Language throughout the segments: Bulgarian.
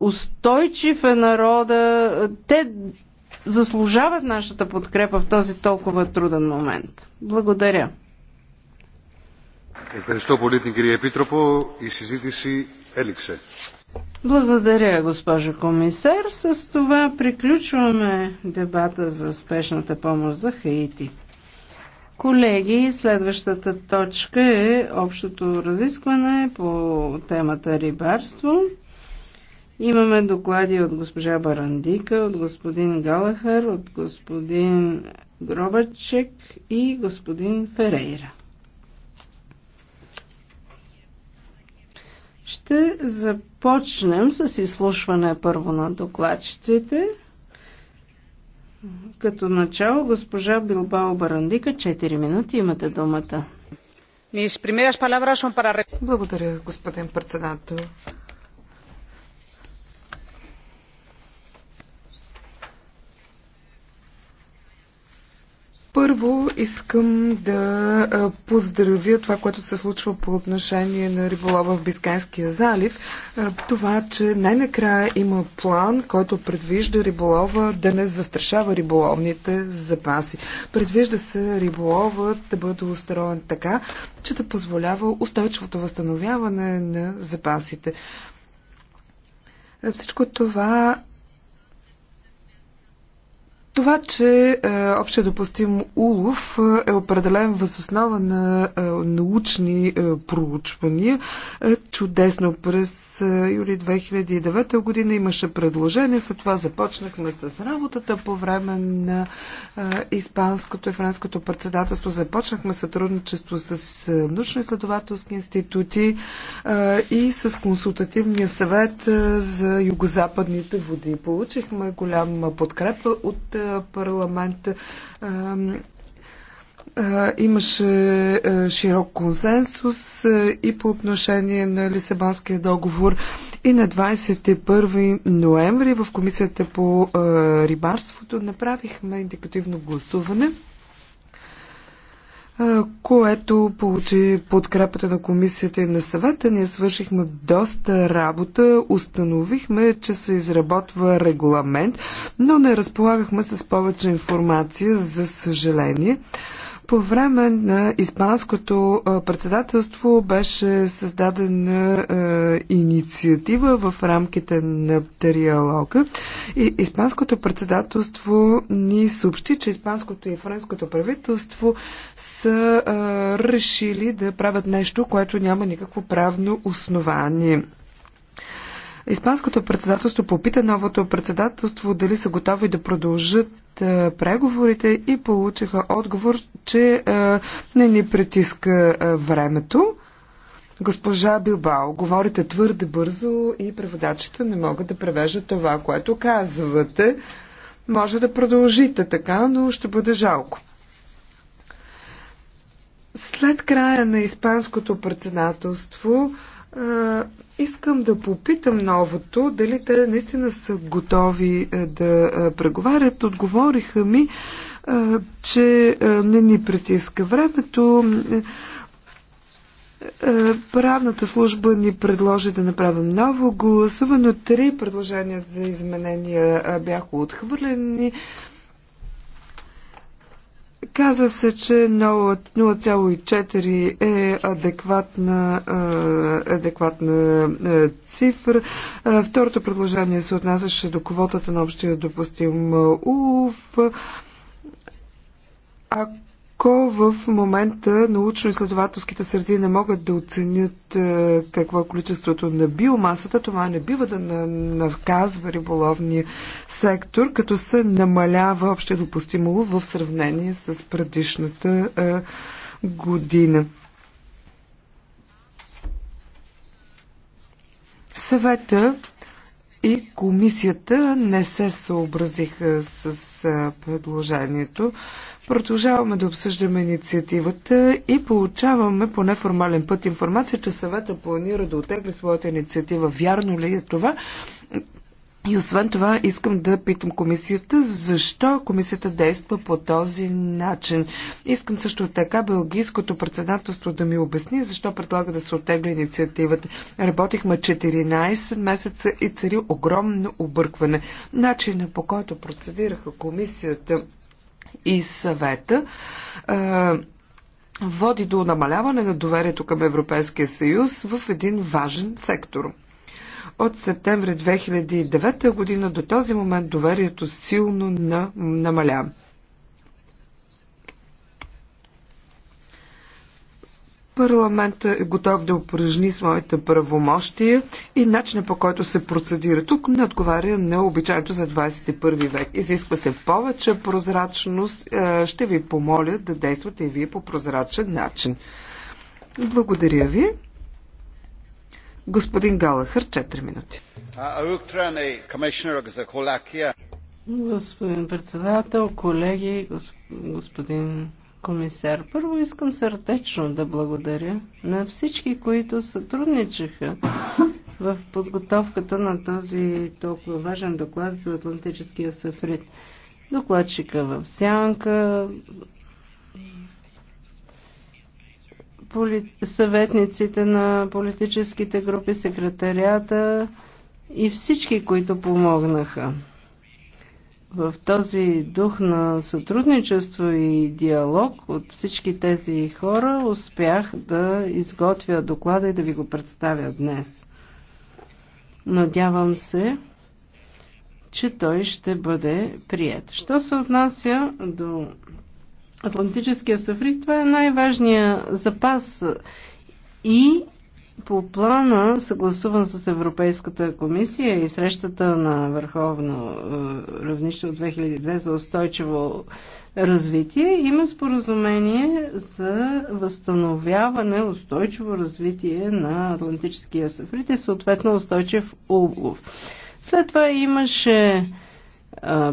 устойчив е народа. Те заслужават нашата подкрепа в този толкова труден момент. Благодаря. Ευχαριστώ πολύ την κυρία Επίτροπο. Η συζήτηση έληξε. Благодаря, госпожа комисар. С това приключваме дебата за спешната помощ за Хаити. Колеги, следващата точка е общото разискване по темата рибарство. Имаме доклади от госпожа Барандика, от господин Галахър, от господин Гробачек и господин Ферейра. Ще започнем с изслушване първо на докладчиците. Като начало госпожа Билбао Барандика, 4 минути имате думата. Благодаря, господин председател. Първо искам да поздравя това, което се случва по отношение на риболова в Бискайския залив. Това, че най-накрая има план, който предвижда риболова да не застрашава риболовните запаси. Предвижда се риболовът да бъде устроен така, че да позволява устойчивото възстановяване на запасите. Всичко това това, че е, общо допустим улов е определен възоснова на е, научни е, проучвания е чудесно. През е, юли 2009 година имаше предложение, след това започнахме с работата по време на е, Испанското и Френското председателство. Започнахме сътрудничество с е, научно-изследователски институти е, и с консултативния съвет е, за югозападните води. Получихме голяма подкрепа от е, парламент имаше широк консенсус и по отношение на Лисабонския договор. И на 21 ноември в Комисията по рибарството направихме индикативно гласуване което получи подкрепата на комисията и на съвета. Ние свършихме доста работа, установихме, че се изработва регламент, но не разполагахме с повече информация, за съжаление. По време на Испанското председателство беше създадена инициатива в рамките на триалога. И Испанското председателство ни съобщи, че Испанското и Френското правителство са решили да правят нещо, което няма никакво правно основание. Испанското председателство попита новото председателство дали са готови да продължат е, преговорите и получиха отговор, че е, не ни притиска е, времето. Госпожа Билбао, говорите твърде бързо и преводачите не могат да превежат това, което казвате. Може да продължите така, но ще бъде жалко. След края на Испанското председателство Искам да попитам новото, дали те наистина са готови е, да е, преговарят. Отговориха ми, е, че не ни притиска времето. Правната служба ни предложи да направим ново гласуване. Три предложения за изменения бяха отхвърлени. Каза се, че 0,4 е адекватна, е, адекватна е, цифра. Е, второто предложение се отнасяше до квотата на общия допустим УФ. Ако ако в момента научно-изследователските среди не могат да оценят е, какво е количеството на биомасата, това не бива да наказва риболовния сектор, като се намалява общо допустимо в сравнение с предишната е, година. Съвета и комисията не се съобразиха с е, предложението. Продължаваме да обсъждаме инициативата и получаваме по неформален път информация, че съвета планира да отегли своята инициатива. Вярно ли е това? И освен това искам да питам комисията, защо комисията действа по този начин. Искам също така Белгийското председателство да ми обясни, защо предлага да се отегли инициативата. Работихме 14 месеца и цари огромно объркване. Начина по който процедираха комисията и съвета води до намаляване на доверието към Европейския съюз в един важен сектор. От септември 2009 година до този момент доверието силно намаля. Парламентът е готов да упражни своите правомощия и начина по който се процедира тук не отговаря на обичайното за 21 век. Изисква се повече прозрачност. Е, ще ви помоля да действате и вие по прозрачен начин. Благодаря ви. Господин Галахър, 4 минути. Uh, господин председател, колеги, господин комисар. Първо искам сърдечно да благодаря на всички, които сътрудничаха в подготовката на този толкова важен доклад за Атлантическия сафрит. Докладчика в сянка, поли... съветниците на политическите групи, секретарията и всички, които помогнаха в този дух на сътрудничество и диалог от всички тези хора успях да изготвя доклада и да ви го представя днес. Надявам се, че той ще бъде прият. Що се отнася до Атлантическия сафрик, това е най-важният запас и по плана, съгласуван с Европейската комисия и срещата на върховно е, равнище от 2002 за устойчиво развитие, има споразумение за възстановяване, устойчиво развитие на Атлантическия сафрит и съответно устойчив улов. След това имаше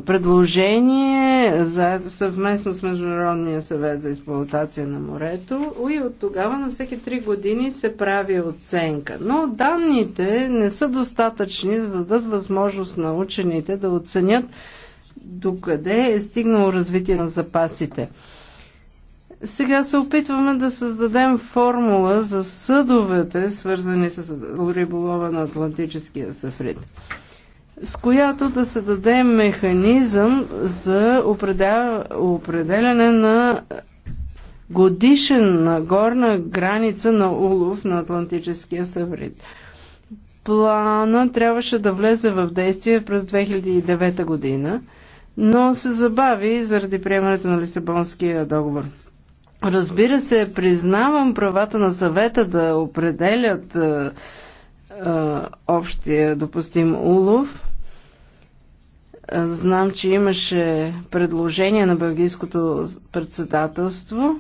предложение за, съвместно с Международния съвет за експлуатация на морето и от тогава на всеки три години се прави оценка. Но данните не са достатъчни за да дадат възможност на учените да оценят докъде е стигнало развитие на запасите. Сега се опитваме да създадем формула за съдовете, свързани с риболова на Атлантическия сафрит с която да се даде механизъм за определяне на годишен горна граница на улов на Атлантическия съврит. Плана трябваше да влезе в действие през 2009 година, но се забави заради приемането на Лисабонския договор. Разбира се, признавам правата на съвета да определят е, общия допустим улов. Знам, че имаше предложение на Бългийското председателство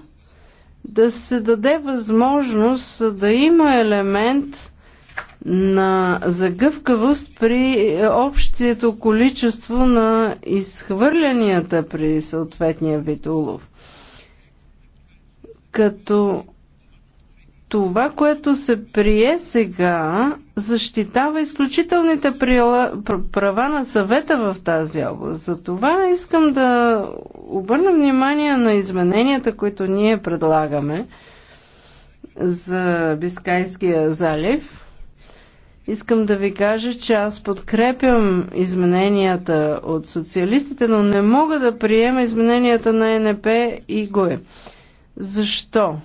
да се даде възможност да има елемент на загъвкавост при общието количество на изхвърлянията при съответния вид улов. Като това, което се прие сега, защитава изключителните права на съвета в тази област. Затова искам да обърна внимание на измененията, които ние предлагаме за Бискайския залив. Искам да ви кажа, че аз подкрепям измененията от социалистите, но не мога да приема измененията на НП и ГОЕ. Защо?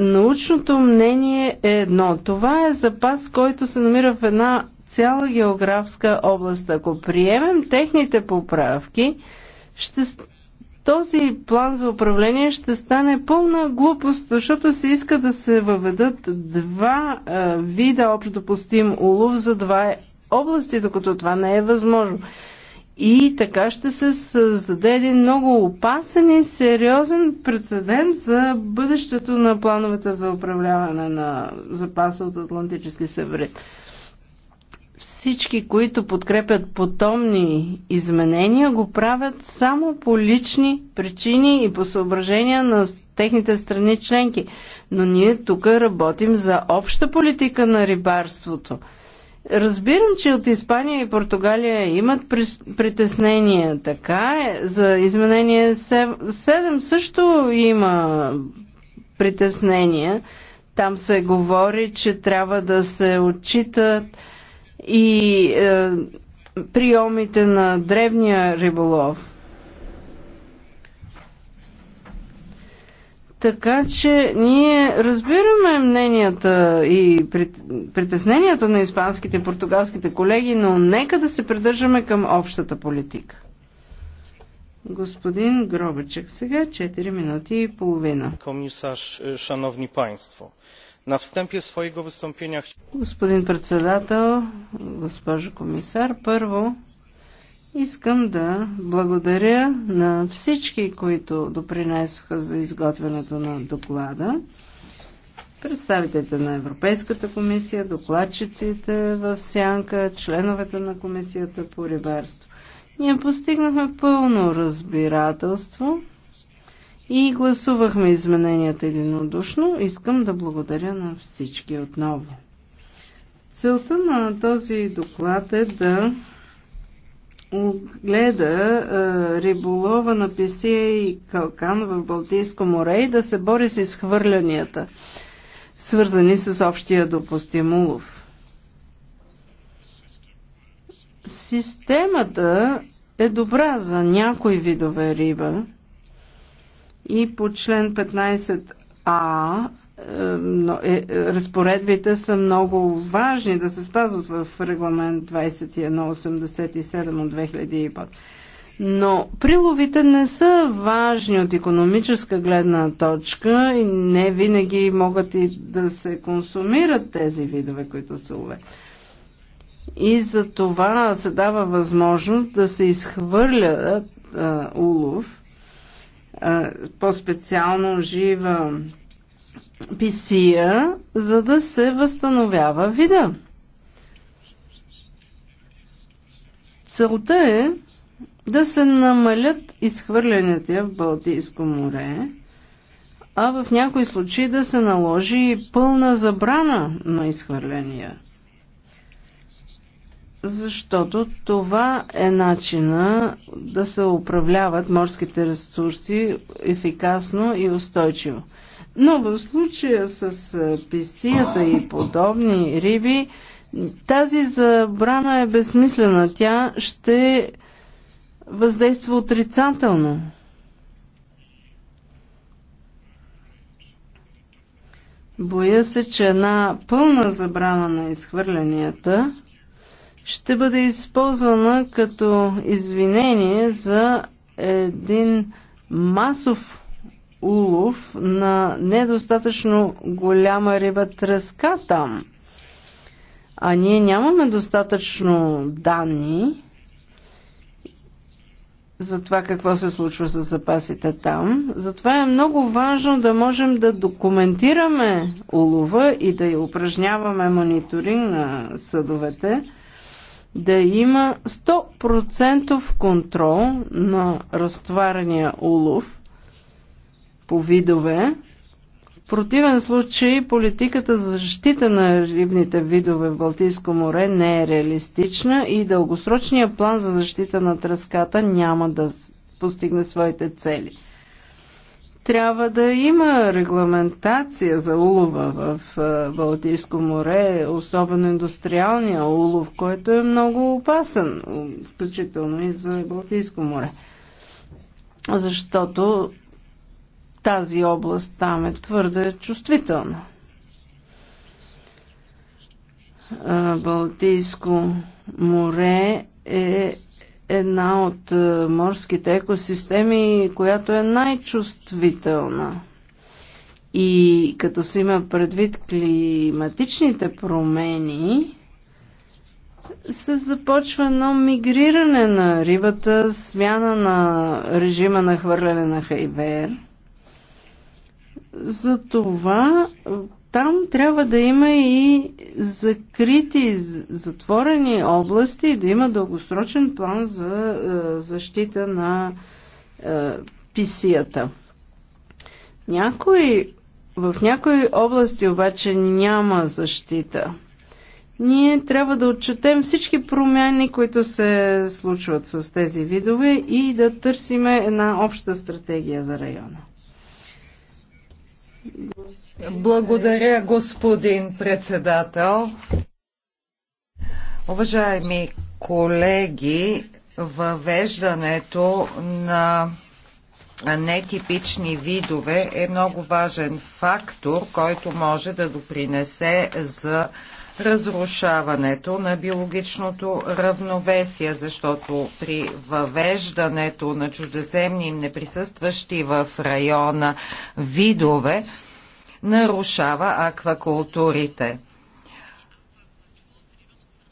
научното мнение е едно. Това е запас, който се намира в една цяла географска област. Ако приемем техните поправки, ще, този план за управление ще стане пълна глупост, защото се иска да се въведат два е, вида общопустим улов за два области, докато това не е възможно. И така ще се създаде един много опасен и сериозен прецедент за бъдещето на плановете за управляване на запаса от Атлантически съвет. Всички, които подкрепят потомни изменения, го правят само по лични причини и по съображения на техните страни членки. Но ние тук работим за обща политика на рибарството – Разбирам, че от Испания и Португалия имат притеснения, така е. За изменение 7 също има притеснения. Там се говори, че трябва да се отчитат и е, приемите на древния риболов. Така че ние разбираме мненията и притесненията на испанските и португалските колеги, но нека да се придържаме към общата политика. Господин Гробечек, сега 4 минути и половина. Комисарz, е, шановни państwo, на встъпие своего wystąpienia... Господин председател, госпожо комисар, първо Искам да благодаря на всички, които допринесоха за изготвянето на доклада. Представителите на Европейската комисия, докладчиците в Сянка, членовете на комисията по рибарство. Ние постигнахме пълно разбирателство и гласувахме измененията единодушно. Искам да благодаря на всички отново. Целта на този доклад е да гледа а, риболова на песия и Калкан в Балтийско море и да се бори с изхвърлянията, свързани с общия улов. Системата е добра за някои видове риба и по член 15а е, разпоредбите са много важни да се спазват в регламент 2187 от 2005. Но приловите не са важни от економическа гледна точка и не винаги могат и да се консумират тези видове, които са лове. И за това се дава възможност да се изхвърля а, улов, по-специално жива писия, за да се възстановява вида. Целта е да се намалят изхвърлянията в Балтийско море, а в някои случаи да се наложи пълна забрана на изхвърления. Защото това е начина да се управляват морските ресурси ефикасно и устойчиво. Но в случая с писията и подобни риби, тази забрана е безсмислена. Тя ще въздейства отрицателно. Боя се, че една пълна забрана на изхвърлянията ще бъде използвана като извинение за един масов улов на недостатъчно голяма риба тръска там. А ние нямаме достатъчно данни за това какво се случва с запасите там. Затова е много важно да можем да документираме улова и да упражняваме мониторинг на съдовете, да има 100% контрол на разтварения улов – по видове. В противен случай политиката за защита на рибните видове в Балтийско море не е реалистична и дългосрочният план за защита на тръската няма да постигне своите цели. Трябва да има регламентация за улова в Балтийско море, особено индустриалния улов, който е много опасен, включително и за Балтийско море. Защото тази област там е твърде чувствителна. Балтийско море е една от морските екосистеми, която е най-чувствителна. И като се има предвид климатичните промени, се започва едно мигриране на рибата, смяна на режима на хвърляне на хайвер – за това е, там трябва да има и закрити, затворени области и да има дългосрочен план за е, защита на е, писията. Някой, в някои области обаче няма защита. Ние трябва да отчетем всички промяни, които се случват с тези видове и да търсиме една обща стратегия за района. Благодаря, господин председател. Уважаеми колеги, въвеждането на нетипични видове е много важен фактор, който може да допринесе за разрушаването на биологичното равновесие, защото при въвеждането на чуждеземни и неприсъстващи в района видове нарушава аквакултурите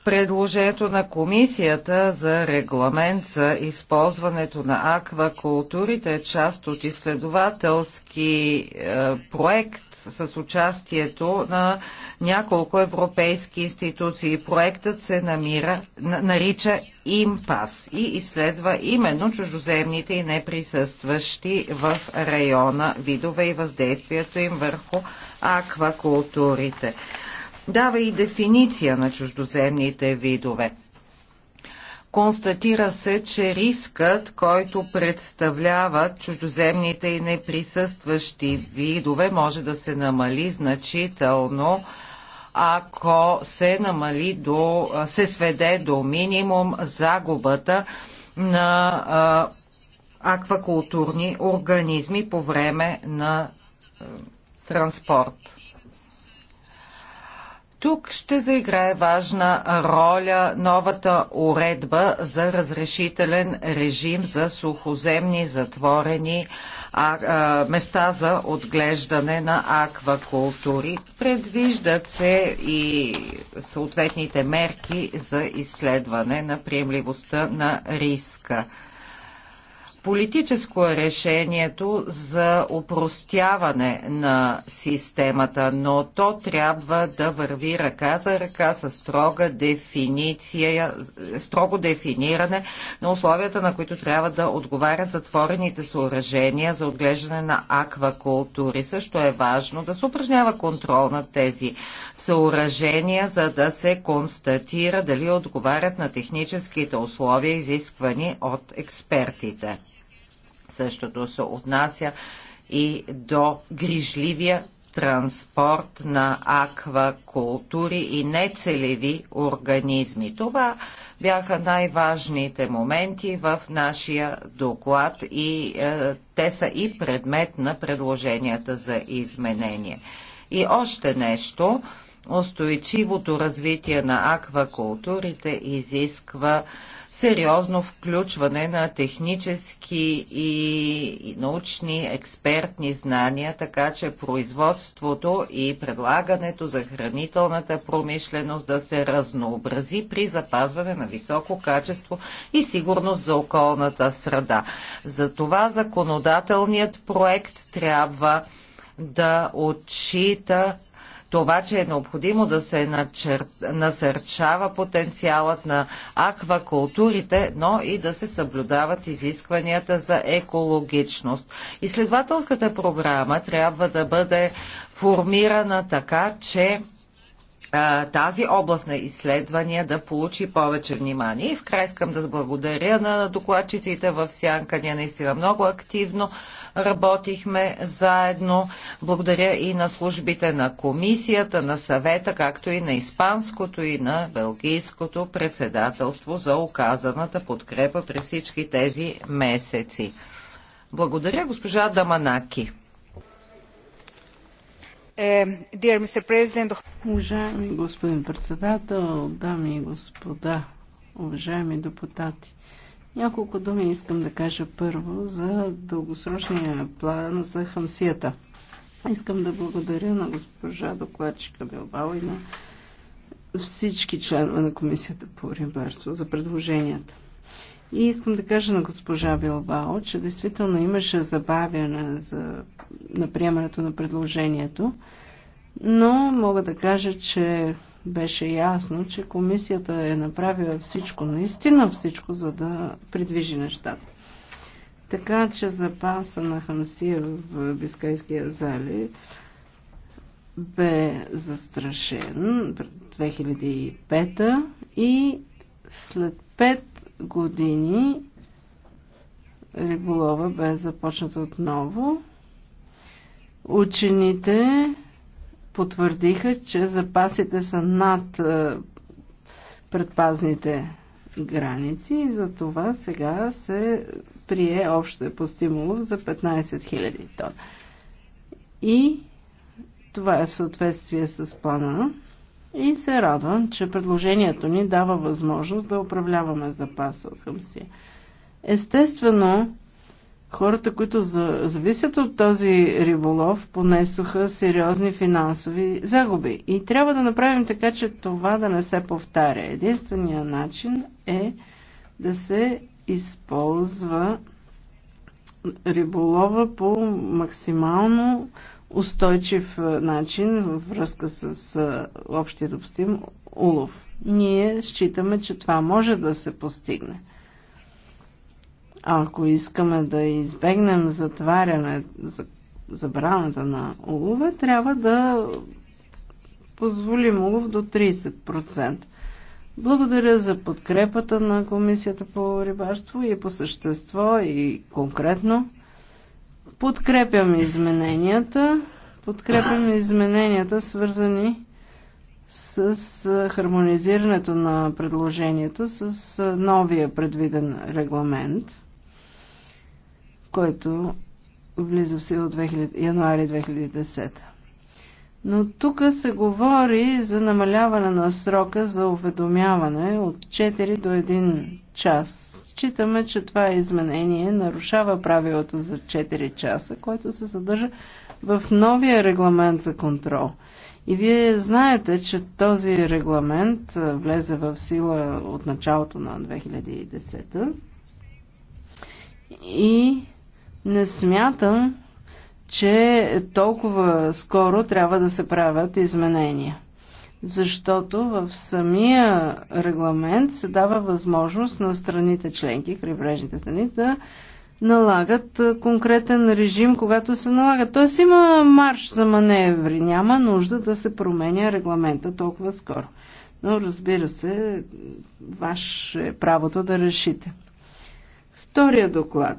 предложението на комисията за регламент за използването на аквакултурите е част от изследователски е, проект с участието на няколко европейски институции. Проектът се намира, нарича импас и изследва именно чужоземните и неприсъстващи в района видове и въздействието им върху аквакултурите. Дава и дефиниция на чуждоземните видове. Констатира се, че рискът, който представляват чуждоземните и неприсъстващи видове, може да се намали значително, ако се намали до, се сведе до минимум загубата на а, аквакултурни организми по време на а, транспорт. Тук ще заиграе важна роля новата уредба за разрешителен режим за сухоземни затворени а, а, места за отглеждане на аквакултури. Предвиждат се и съответните мерки за изследване на приемливостта на риска. Политическо е решението за упростяване на системата, но то трябва да върви ръка за ръка с строга дефиниция, строго дефиниране на условията, на които трябва да отговарят затворените съоръжения за отглеждане на аквакултури. Също е важно да се упражнява контрол на тези съоръжения, за да се констатира дали отговарят на техническите условия, изисквани от експертите. Същото се отнася и до грижливия транспорт на аквакултури и нецелеви организми. Това бяха най-важните моменти в нашия доклад и е, те са и предмет на предложенията за изменение. И още нещо. Устойчивото развитие на аквакултурите изисква е, сериозно включване на технически и научни експертни знания, така че производството и предлагането за хранителната промишленост да се разнообрази при запазване на високо качество и сигурност за околната среда. Затова законодателният проект трябва да отчита това, че е необходимо да се начер... насърчава потенциалът на аквакултурите, но и да се съблюдават изискванията за екологичност. Изследователската програма трябва да бъде формирана така, че тази област на изследвания да получи повече внимание. И в край искам да благодаря на докладчиците в Сянка. Ние наистина много активно работихме заедно. Благодаря и на службите на комисията, на съвета, както и на испанското и на белгийското председателство за оказаната подкрепа през всички тези месеци. Благодаря, госпожа Даманаки. Е, уважаеми господин председател, дами и господа, уважаеми депутати, няколко думи искам да кажа първо за дългосрочния план за хамсията. Искам да благодаря на госпожа докладчика Белбао и на всички членове на Комисията по рибарство за предложенията. И искам да кажа на госпожа Билбао, че действително имаше забавяне за, на приемането на предложението, но мога да кажа, че беше ясно, че комисията е направила всичко, наистина всичко, за да придвижи нещата. Така че запаса на Хансия в Бискайския зали бе застрашен пред 2005 и след пет години риболова бе започнат отново. Учените потвърдиха, че запасите са над е, предпазните граници и за това сега се прие общо по стимулов за 15 000 тона. И това е в съответствие с плана и се радвам, че предложението ни дава възможност да управляваме запаса от хамсия. Естествено, хората, които зависят от този риболов, понесоха сериозни финансови загуби. И трябва да направим така, че това да не се повтаря. Единственият начин е да се използва риболова по максимално устойчив начин във връзка с общия допустим улов. Ние считаме, че това може да се постигне. Ако искаме да избегнем затваряне, забраната на улове, трябва да позволим улов до 30%. Благодаря за подкрепата на Комисията по рибарство и по същество и конкретно. Подкрепям измененията. Подкрепям измененията, свързани с хармонизирането на предложението с новия предвиден регламент, който влиза в сила 2000, януари 2010. Но тук се говори за намаляване на срока за уведомяване от 4 до 1 час Считаме, че това изменение нарушава правилото за 4 часа, което се съдържа в новия регламент за контрол. И вие знаете, че този регламент влезе в сила от началото на 2010 и не смятам, че толкова скоро трябва да се правят изменения защото в самия регламент се дава възможност на страните членки, крайбрежните страни, да налагат конкретен режим, когато се налага. Тоест има марш за маневри, няма нужда да се променя регламента толкова скоро. Но разбира се, ваше е правото да решите. Втория доклад.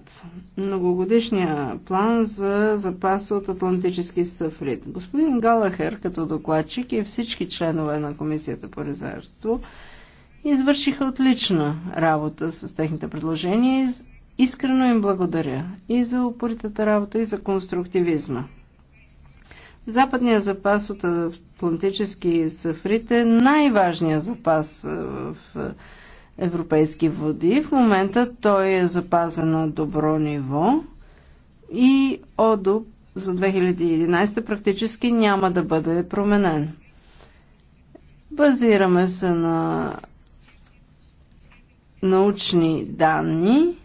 Многогодишния план за запаса от Атлантически съфрит. Господин Галахер, като докладчик и всички членове на Комисията по резервство, извършиха отлична работа с техните предложения. Искрено им благодаря и за упоритата работа, и за конструктивизма. Западният запас от Атлантически съфрит е най-важният запас в европейски води. В момента той е запазен на добро ниво и ОДО за 2011 практически няма да бъде променен. Базираме се на научни данни,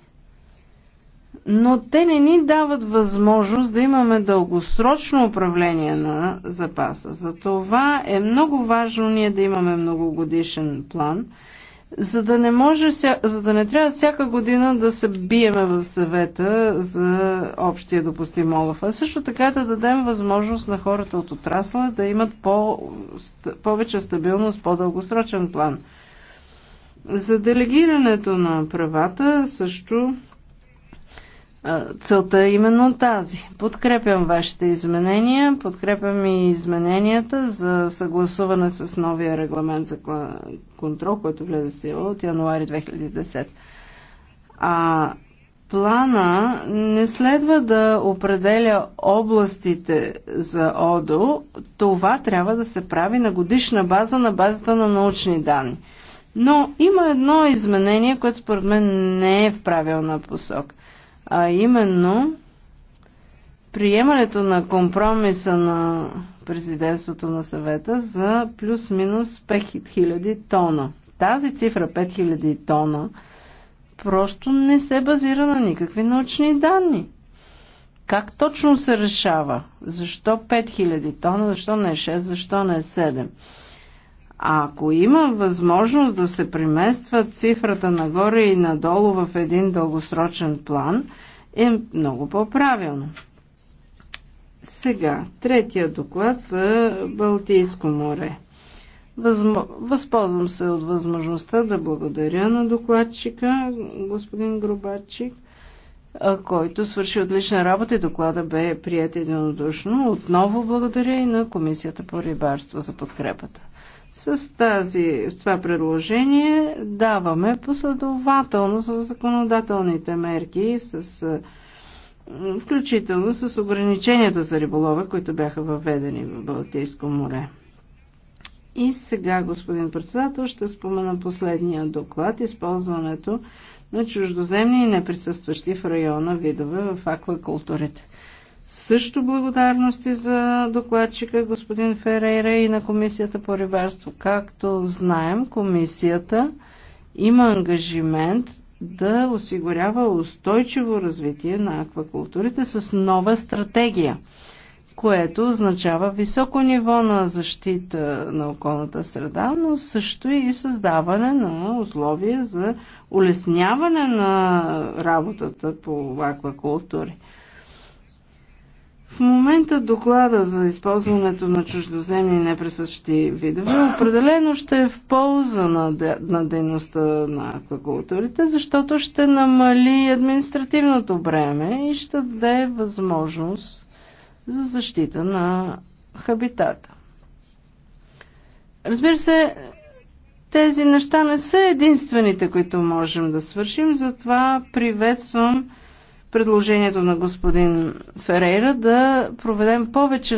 но те не ни дават възможност да имаме дългосрочно управление на запаса. За това е много важно ние да имаме многогодишен план – за да не може, за да не трябва всяка година да се биеме в съвета за общия допустим олаф, а също така да дадем възможност на хората от отрасла да имат по, повече стабилност, по-дългосрочен план. За делегирането на правата също Целта е именно тази. Подкрепям вашите изменения, подкрепям и измененията за съгласуване с новия регламент за контрол, който влезе в сила от януари 2010. А плана не следва да определя областите за ОДО. Това трябва да се прави на годишна база, на базата на научни данни. Но има едно изменение, което според мен не е в правилна посока а именно приемането на компромиса на президентството на съвета за плюс-минус 5000 тона. Тази цифра 5000 тона просто не се базира на никакви научни данни. Как точно се решава? Защо 5000 тона? Защо не 6? Защо не 7? А ако има възможност да се премества цифрата нагоре и надолу в един дългосрочен план, е много по-правилно. Сега, третия доклад за Балтийско море. Възмо... Възползвам се от възможността да благодаря на докладчика, господин Грубачик, който свърши отлична работа и доклада бе прият единодушно. Отново благодаря и на Комисията по рибарство за подкрепата. С тази, с това предложение даваме последователност в законодателните мерки, с, включително с ограниченията за риболова, които бяха въведени в Балтийско море. И сега, господин председател, ще спомена последния доклад използването на чуждоземни и неприсъстващи в района видове в аквакултурите. Също благодарности за докладчика господин Ферейра и на Комисията по рибарство. Както знаем, Комисията има ангажимент да осигурява устойчиво развитие на аквакултурите с нова стратегия, което означава високо ниво на защита на околната среда, но също и създаване на условия за улесняване на работата по аквакултури. В момента доклада за използването на чуждоземни непресъщи видове определено ще е в полза на, де, на дейността на аквакултурите, защото ще намали административното бреме и ще даде възможност за защита на хабитата. Разбира се, тези неща не са единствените, които можем да свършим, затова приветствам предложението на господин Ферейра да проведем повече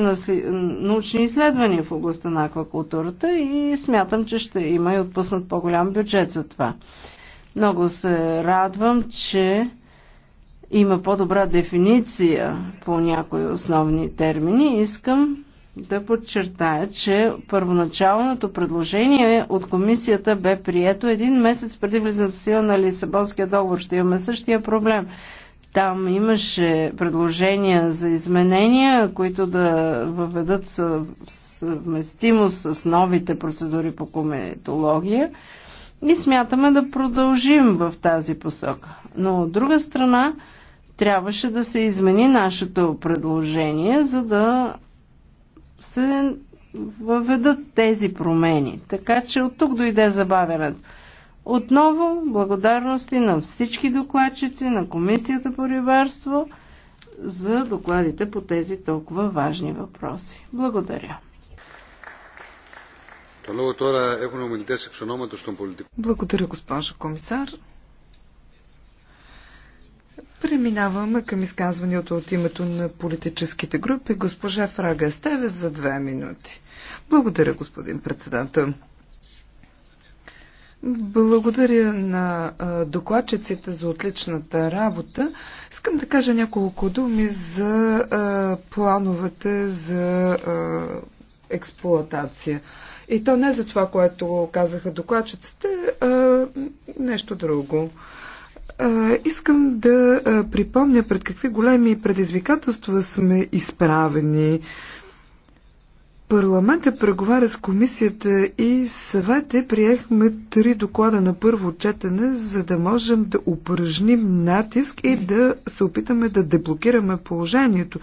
научни изследвания в областта на аквакултурата и смятам, че ще има и отпуснат по-голям бюджет за това. Много се радвам, че има по-добра дефиниция по някои основни термини. Искам да подчертая, че първоначалното предложение от комисията бе прието един месец преди влизането сила на Лисабонския договор. Ще имаме същия проблем. Там имаше предложения за изменения, които да въведат съвместимост с новите процедури по кометология и смятаме да продължим в тази посока. Но от друга страна, трябваше да се измени нашето предложение, за да се въведат тези промени. Така че от тук дойде забавянето. Отново благодарности на всички докладчици, на Комисията по рибарство за докладите по тези толкова важни въпроси. Благодаря. Благодаря, госпожо комисар. Преминаваме към изказването от името на политическите групи. Госпожа Фрага Стеве за две минути. Благодаря, господин председател. Благодаря на докладчиците за отличната работа. Искам да кажа няколко думи за плановете за експлоатация. И то не за това, което казаха докладчиците, а нещо друго. Искам да припомня пред какви големи предизвикателства сме изправени Парламента преговаря с комисията и съвете приехме три доклада на първо четене, за да можем да упражним натиск и да се опитаме да деблокираме положението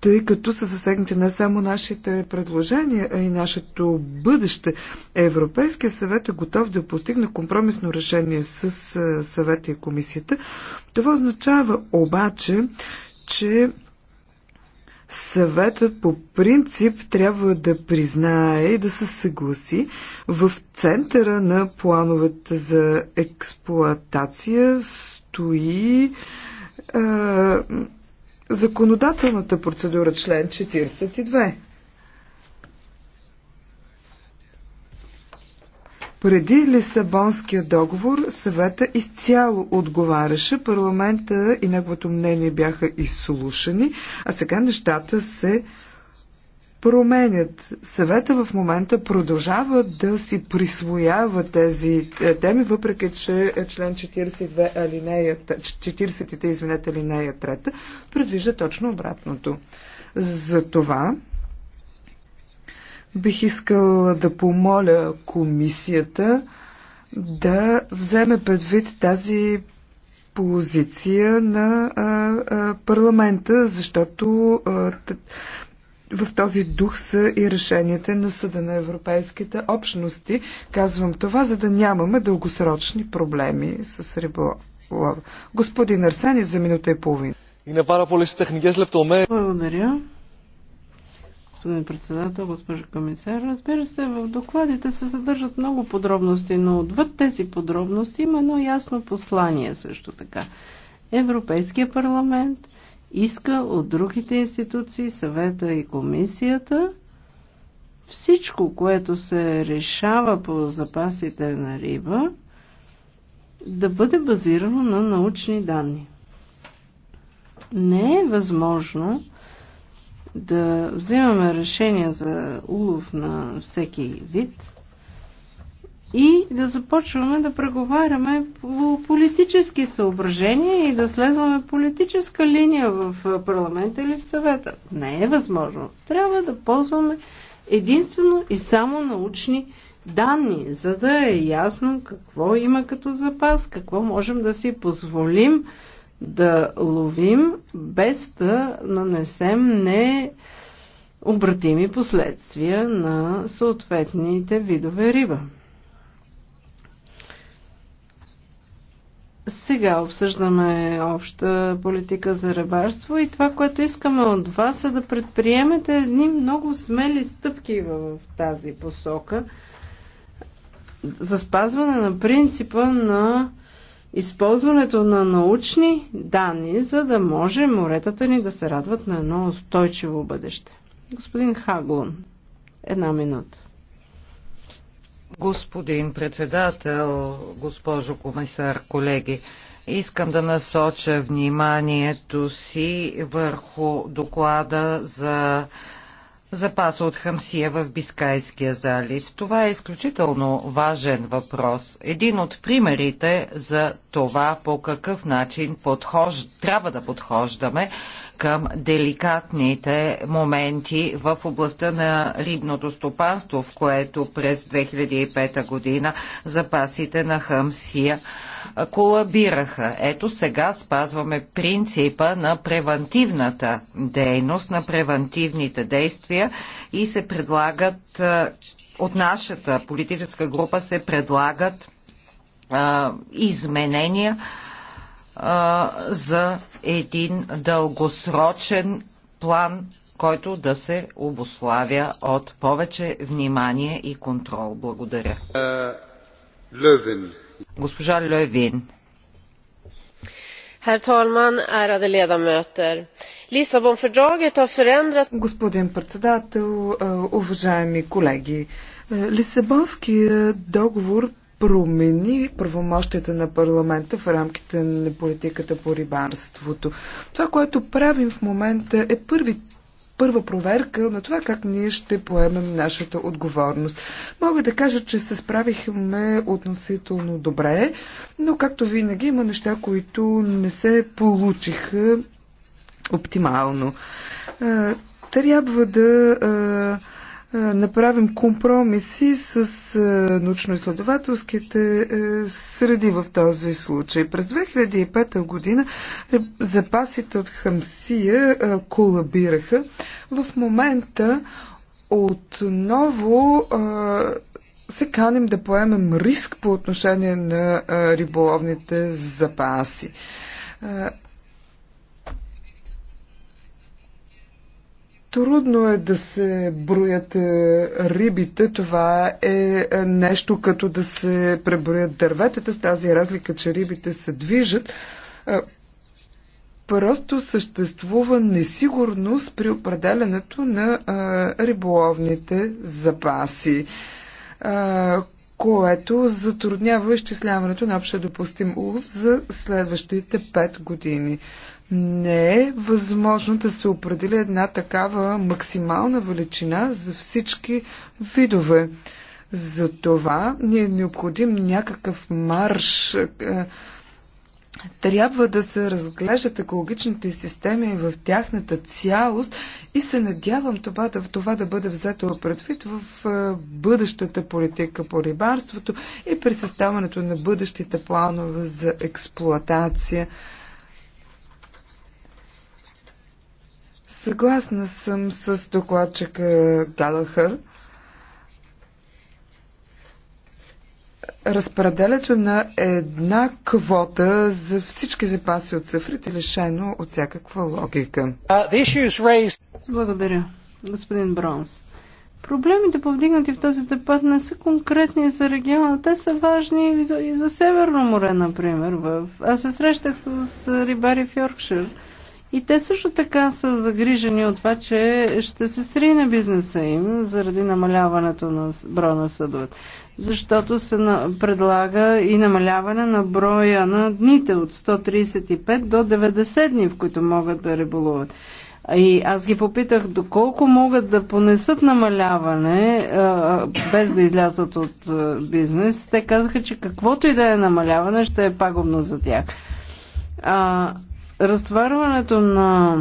тъй като са засегнати не само нашите предложения, а и нашето бъдеще. Европейския съвет е готов да постигне компромисно решение с съвета и комисията. Това означава обаче, че Съветът по принцип трябва да признае и да се съгласи в центъра на плановете за експлоатация стои е, законодателната процедура член 42. Преди Лисабонския договор съвета изцяло отговаряше, парламента и неговото мнение бяха изслушани, а сега нещата се променят. Съвета в момента продължава да си присвоява тези е, теми, въпреки че е член 42 алинея, 40 извинете, алинея 3 предвижда точно обратното. За това Бих искал да помоля комисията да вземе предвид тази позиция на а, а, парламента, защото а, в този дух са и решенията на Съда на Европейските общности. Казвам това, за да нямаме дългосрочни проблеми с риболова. Господин Арсени за минута и половина. И на Благодаря господин председател, госпожа комисар. Разбира се, в докладите се съдържат много подробности, но отвъд тези подробности има едно ясно послание също така. Европейския парламент иска от другите институции, съвета и комисията, всичко, което се решава по запасите на риба, да бъде базирано на научни данни. Не е възможно да взимаме решения за улов на всеки вид и да започваме да преговаряме по политически съображения и да следваме политическа линия в парламента или в съвета. Не е възможно. Трябва да ползваме единствено и само научни данни, за да е ясно какво има като запас, какво можем да си позволим да ловим, без да нанесем не обратими последствия на съответните видове риба. Сега обсъждаме обща политика за рибарство и това, което искаме от вас е да предприемете едни много смели стъпки в тази посока за спазване на принципа на използването на научни данни, за да може моретата ни да се радват на едно устойчиво бъдеще. Господин Хаглун, една минута. Господин председател, госпожо комисар, колеги, искам да насоча вниманието си върху доклада за запаса от хамсия в Бискайския залив. Това е изключително важен въпрос. Един от примерите за това по какъв начин подхож... трябва да подхождаме към деликатните моменти в областта на рибното стопанство, в което през 2005 година запасите на хъмсия колабираха. Ето сега спазваме принципа на превантивната дейност, на превантивните действия и се предлагат от нашата политическа група се предлагат а, изменения а, за един дългосрочен план, който да се обославя от повече внимание и контрол. Благодаря. Е, Лъвин. Госпожа Левин. Herr talman, ärade ledamöter. Lissabonfördraget har förändrat... Господин председател, е, уважаеми колеги, е, Лисабонският договор промени правомощията на парламента в рамките на политиката по рибарството. Това, което правим в момента е първи първа проверка на това как ние ще поемем нашата отговорност. Мога да кажа, че се справихме относително добре, но както винаги има неща, които не се получиха оптимално. Е, трябва да е, е, направим компромиси с е, научно-изследователските е, среди в този случай. През 2005 година запасите от Хамсия колабираха. В момента отново се каним да поемем риск по отношение на риболовните запаси. Трудно е да се броят е, рибите. Това е, е нещо като да се преброят дърветата с тази разлика, че рибите се движат. Е, просто съществува несигурност при определенето на риболовните запаси, което затруднява изчисляването на общо допустим улов за следващите 5 години не е възможно да се определи една такава максимална величина за всички видове. Затова ни е необходим някакъв марш. Е, трябва да се разглеждат екологичните системи в тяхната цялост и се надявам това да, това да бъде взето предвид в е, бъдещата политика по рибарството и при съставането на бъдещите планове за експлоатация. Съгласна съм с докладчика Галахър. Разпределето на една квота за всички запаси от цифрите е лишено от всякаква логика. Uh, Благодаря, господин Бронс. Проблемите, повдигнати в този дебат, не са конкретни за региона. Те са важни и за, Северно море, например. Аз се срещах с рибари в Йоркшир и те също така са загрижени от това, че ще се срине бизнеса им заради намаляването на броя на съдовете. Защото се предлага и намаляване на броя на дните от 135 до 90 дни, в които могат да риболуват. И аз ги попитах доколко могат да понесат намаляване, без да излязат от бизнес. Те казаха, че каквото и да е намаляване, ще е пагубно за тях. А, разтварването на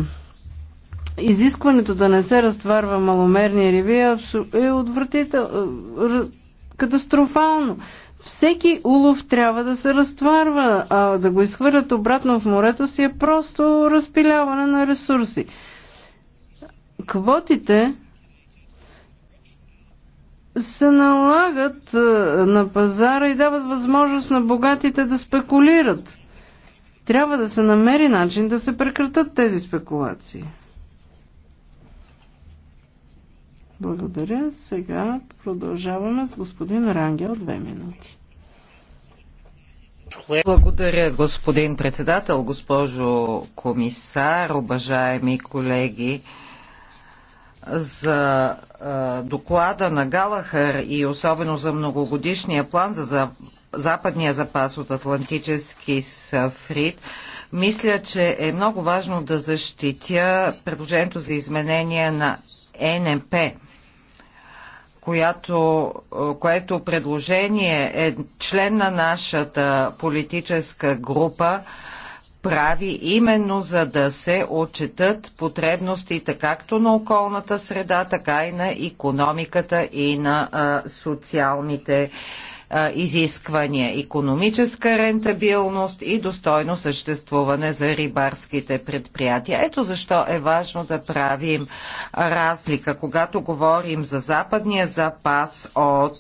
изискването да не се разтварва маломерния риви е, абсу... е отвратител... Е, катастрофално. Всеки улов трябва да се разтварва, а да го изхвърлят обратно в морето си е просто разпиляване на ресурси. Квотите се налагат е, на пазара и дават възможност на богатите да спекулират – трябва да се намери начин да се прекратат тези спекулации. Благодаря. Сега продължаваме с господин Рангел две минути. Благодаря, господин председател, госпожо комисар, уважаеми колеги. За доклада на Галахър и особено за многогодишния план за западния запас от Атлантически сафрит, мисля, че е много важно да защитя предложението за изменение на ЕНП, която, е, което предложение е член на нашата политическа група, прави именно за да се отчетат потребностите както на околната среда, така и на економиката и на а, е, социалните а, изисквания – економическа рентабилност и достойно съществуване за рибарските предприятия. Ето защо е важно да правим разлика, когато говорим за западния запас от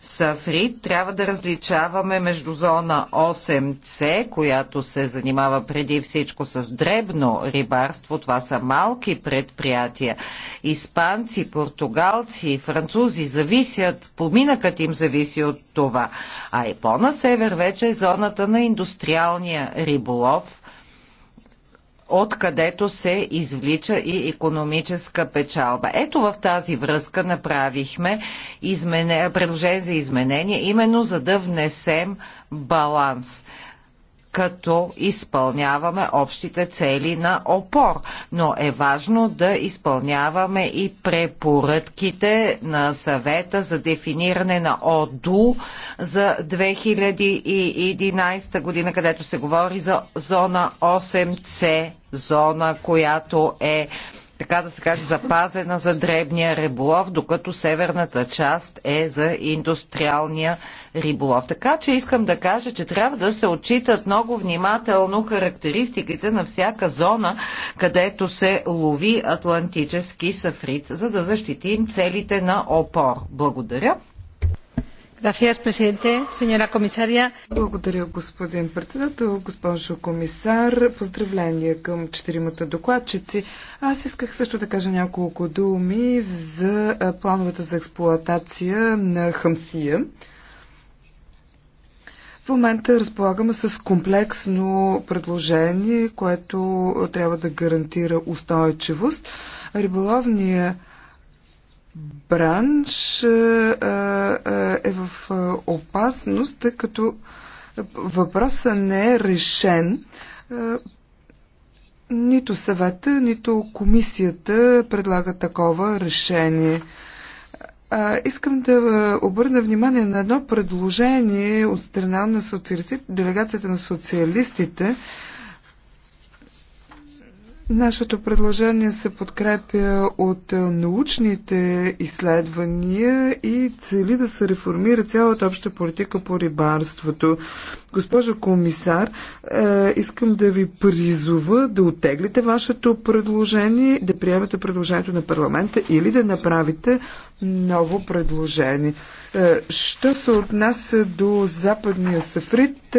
сафрит, трябва да различаваме между зона 8C, която се занимава преди всичко с дребно рибарство, това са малки предприятия. Испанци, португалци, французи зависят, поминъкът им зависи от това. А и по-на север вече е зоната на индустриалния риболов, откъдето се извлича и економическа печалба. Ето в тази връзка направихме измене, предложение за изменение, именно за да внесем баланс като изпълняваме общите цели на опор. Но е важно да изпълняваме и препоръките на съвета за дефиниране на ОДУ за 2011 година, където се говори за зона 8C, зона, която е така да се каже, запазена за дребния риболов, докато северната част е за индустриалния риболов. Така че искам да кажа, че трябва да се отчитат много внимателно характеристиките на всяка зона, където се лови атлантически сафрит, за да защитим целите на опор. Благодаря. Благодаря, господин председател, госпожо комисар. Поздравления към четиримата докладчици. Аз исках също да кажа няколко думи за плановете за експлоатация на Хамсия. В момента разполагаме с комплексно предложение, което трябва да гарантира устойчивост. Риболовния бранш е, е, е в опасност, тъй като въпросът не е решен. Е, нито съвета, нито комисията предлага такова решение. А, искам да обърна внимание на едно предложение от страна на делегацията на социалистите, Нашето предложение се подкрепя от е, научните изследвания и цели да се реформира цялата обща политика по рибарството. Госпожо комисар, е, искам да ви призова да отеглите вашето предложение, да приемете предложението на парламента или да направите ново предложение. Е, що се отнася до западния сафрит,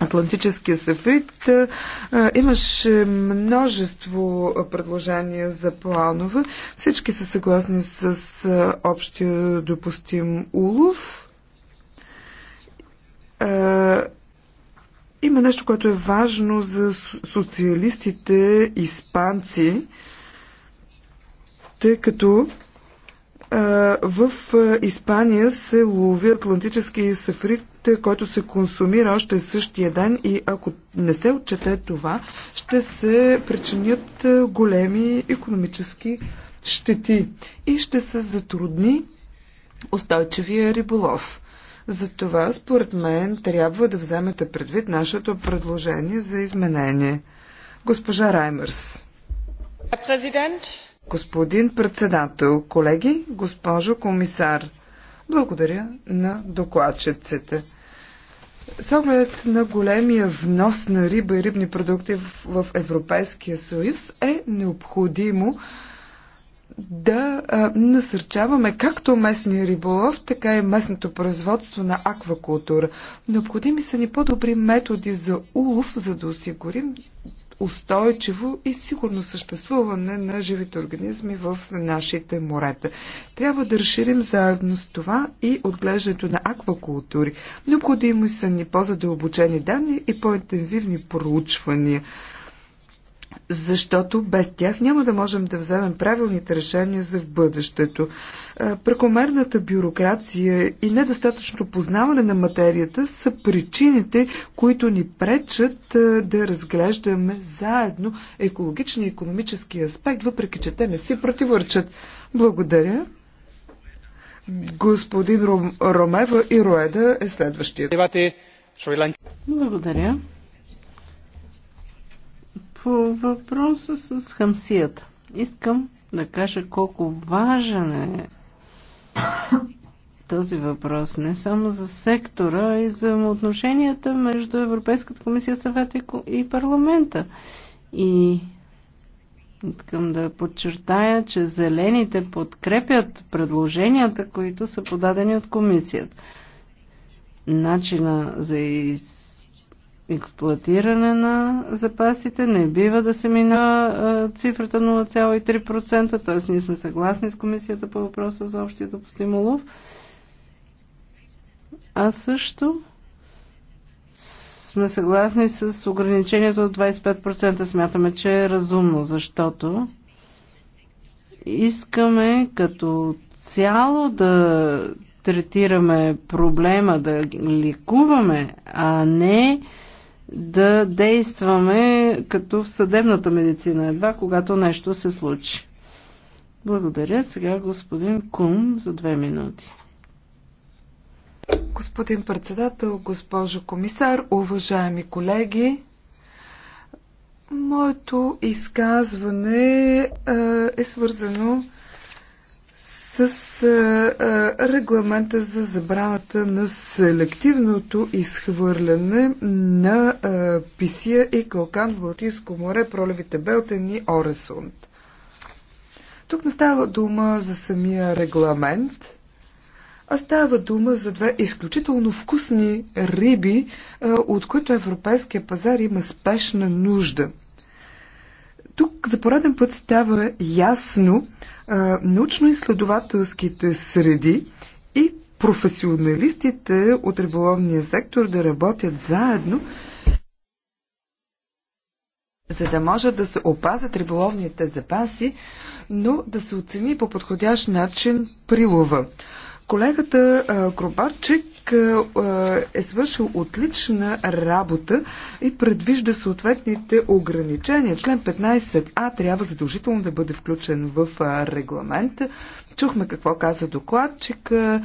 Атлантическия сафрит имаше множество предложения за планове. Всички са съгласни с общия допустим улов. Има нещо, което е важно за социалистите испанци, тъй като в Испания се лови атлантически сафрит който се консумира още същия ден и ако не се отчете това, ще се причинят е, големи економически щети и ще се затрудни устойчивия риболов. Затова, според мен, трябва да вземете предвид нашето предложение за изменение. Госпожа Раймърс. Президент. Господин председател, колеги, госпожо комисар. Благодаря на докладчиците. С оглед на големия внос на риба и рибни продукти в Европейския съюз е необходимо да насърчаваме както местния риболов, така и местното производство на аквакултура. Необходими са ни по-добри методи за улов, за да осигурим устойчиво и сигурно съществуване на живите организми в нашите морета. Трябва да разширим заедно с това и отглеждането на аквакултури. Необходими са ни по-задълбочени данни и по-интензивни проучвания защото без тях няма да можем да вземем правилните решения за в бъдещето. Прекомерната бюрокрация и недостатъчно познаване на материята са причините, които ни пречат да разглеждаме заедно екологичния и економически аспект, въпреки че те не си противоречат. Благодаря. Господин Ром, Ромева и Роеда е следващия. Благодаря. По въпроса с хамсията. Искам да кажа колко важен е този въпрос, не само за сектора, а и за отношенията между Европейската комисия, съвета и парламента. И искам да подчертая, че зелените подкрепят предложенията, които са подадени от комисията. Начина за из експлуатиране на запасите. Не бива да се мина цифрата 0,3%, т.е. ние сме съгласни с комисията по въпроса за общия допустим улов. А също сме съгласни с ограничението от 25%. Смятаме, че е разумно, защото искаме като цяло да третираме проблема, да ликуваме, а не да действаме като в съдебната медицина, едва когато нещо се случи. Благодаря. Сега господин Кум за две минути. Господин председател, госпожо комисар, уважаеми колеги, моето изказване е, е свързано с регламента за забраната на селективното изхвърляне на Писия и Калкан в Балтийско море, пролевите Белтен и Оресунд. Тук не става дума за самия регламент, а става дума за две изключително вкусни риби, от които европейския пазар има спешна нужда. Тук за пореден път става ясно научно-изследователските среди и професионалистите от риболовния сектор да работят заедно, за да може да се опазят риболовните запаси, но да се оцени по подходящ начин прилова. Колегата Кробарчик е свършил отлична работа и предвижда съответните ограничения. Член 15а трябва задължително да бъде включен в регламента. Чухме какво каза докладчика.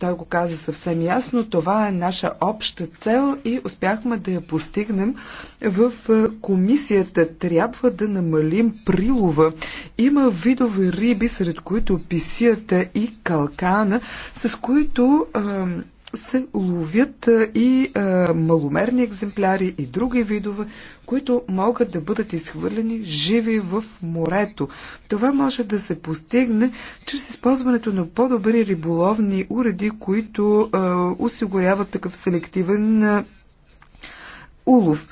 Той го каза съвсем ясно. Това е наша обща цел и успяхме да я постигнем в комисията. Трябва да намалим прилова. Има видове риби, сред които писията и калкана, с които се ловят и а, маломерни екземпляри и други видове, които могат да бъдат изхвърлени живи в морето. Това може да се постигне чрез използването на по-добри риболовни уреди, които а, осигуряват такъв селективен а, улов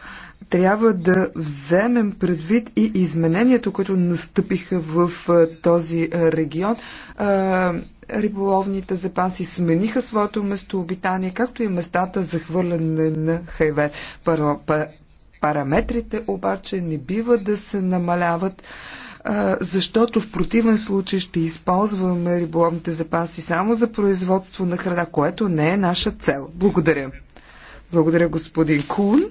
трябва да вземем предвид и изменението, което настъпиха в този регион риболовните запаси смениха своето местообитание, както и местата за хвърляне на хайвер. Параметрите обаче не бива да се намаляват, защото в противен случай ще използваме риболовните запаси само за производство на храна, което не е наша цел. Благодаря. Благодаря, господин Кун.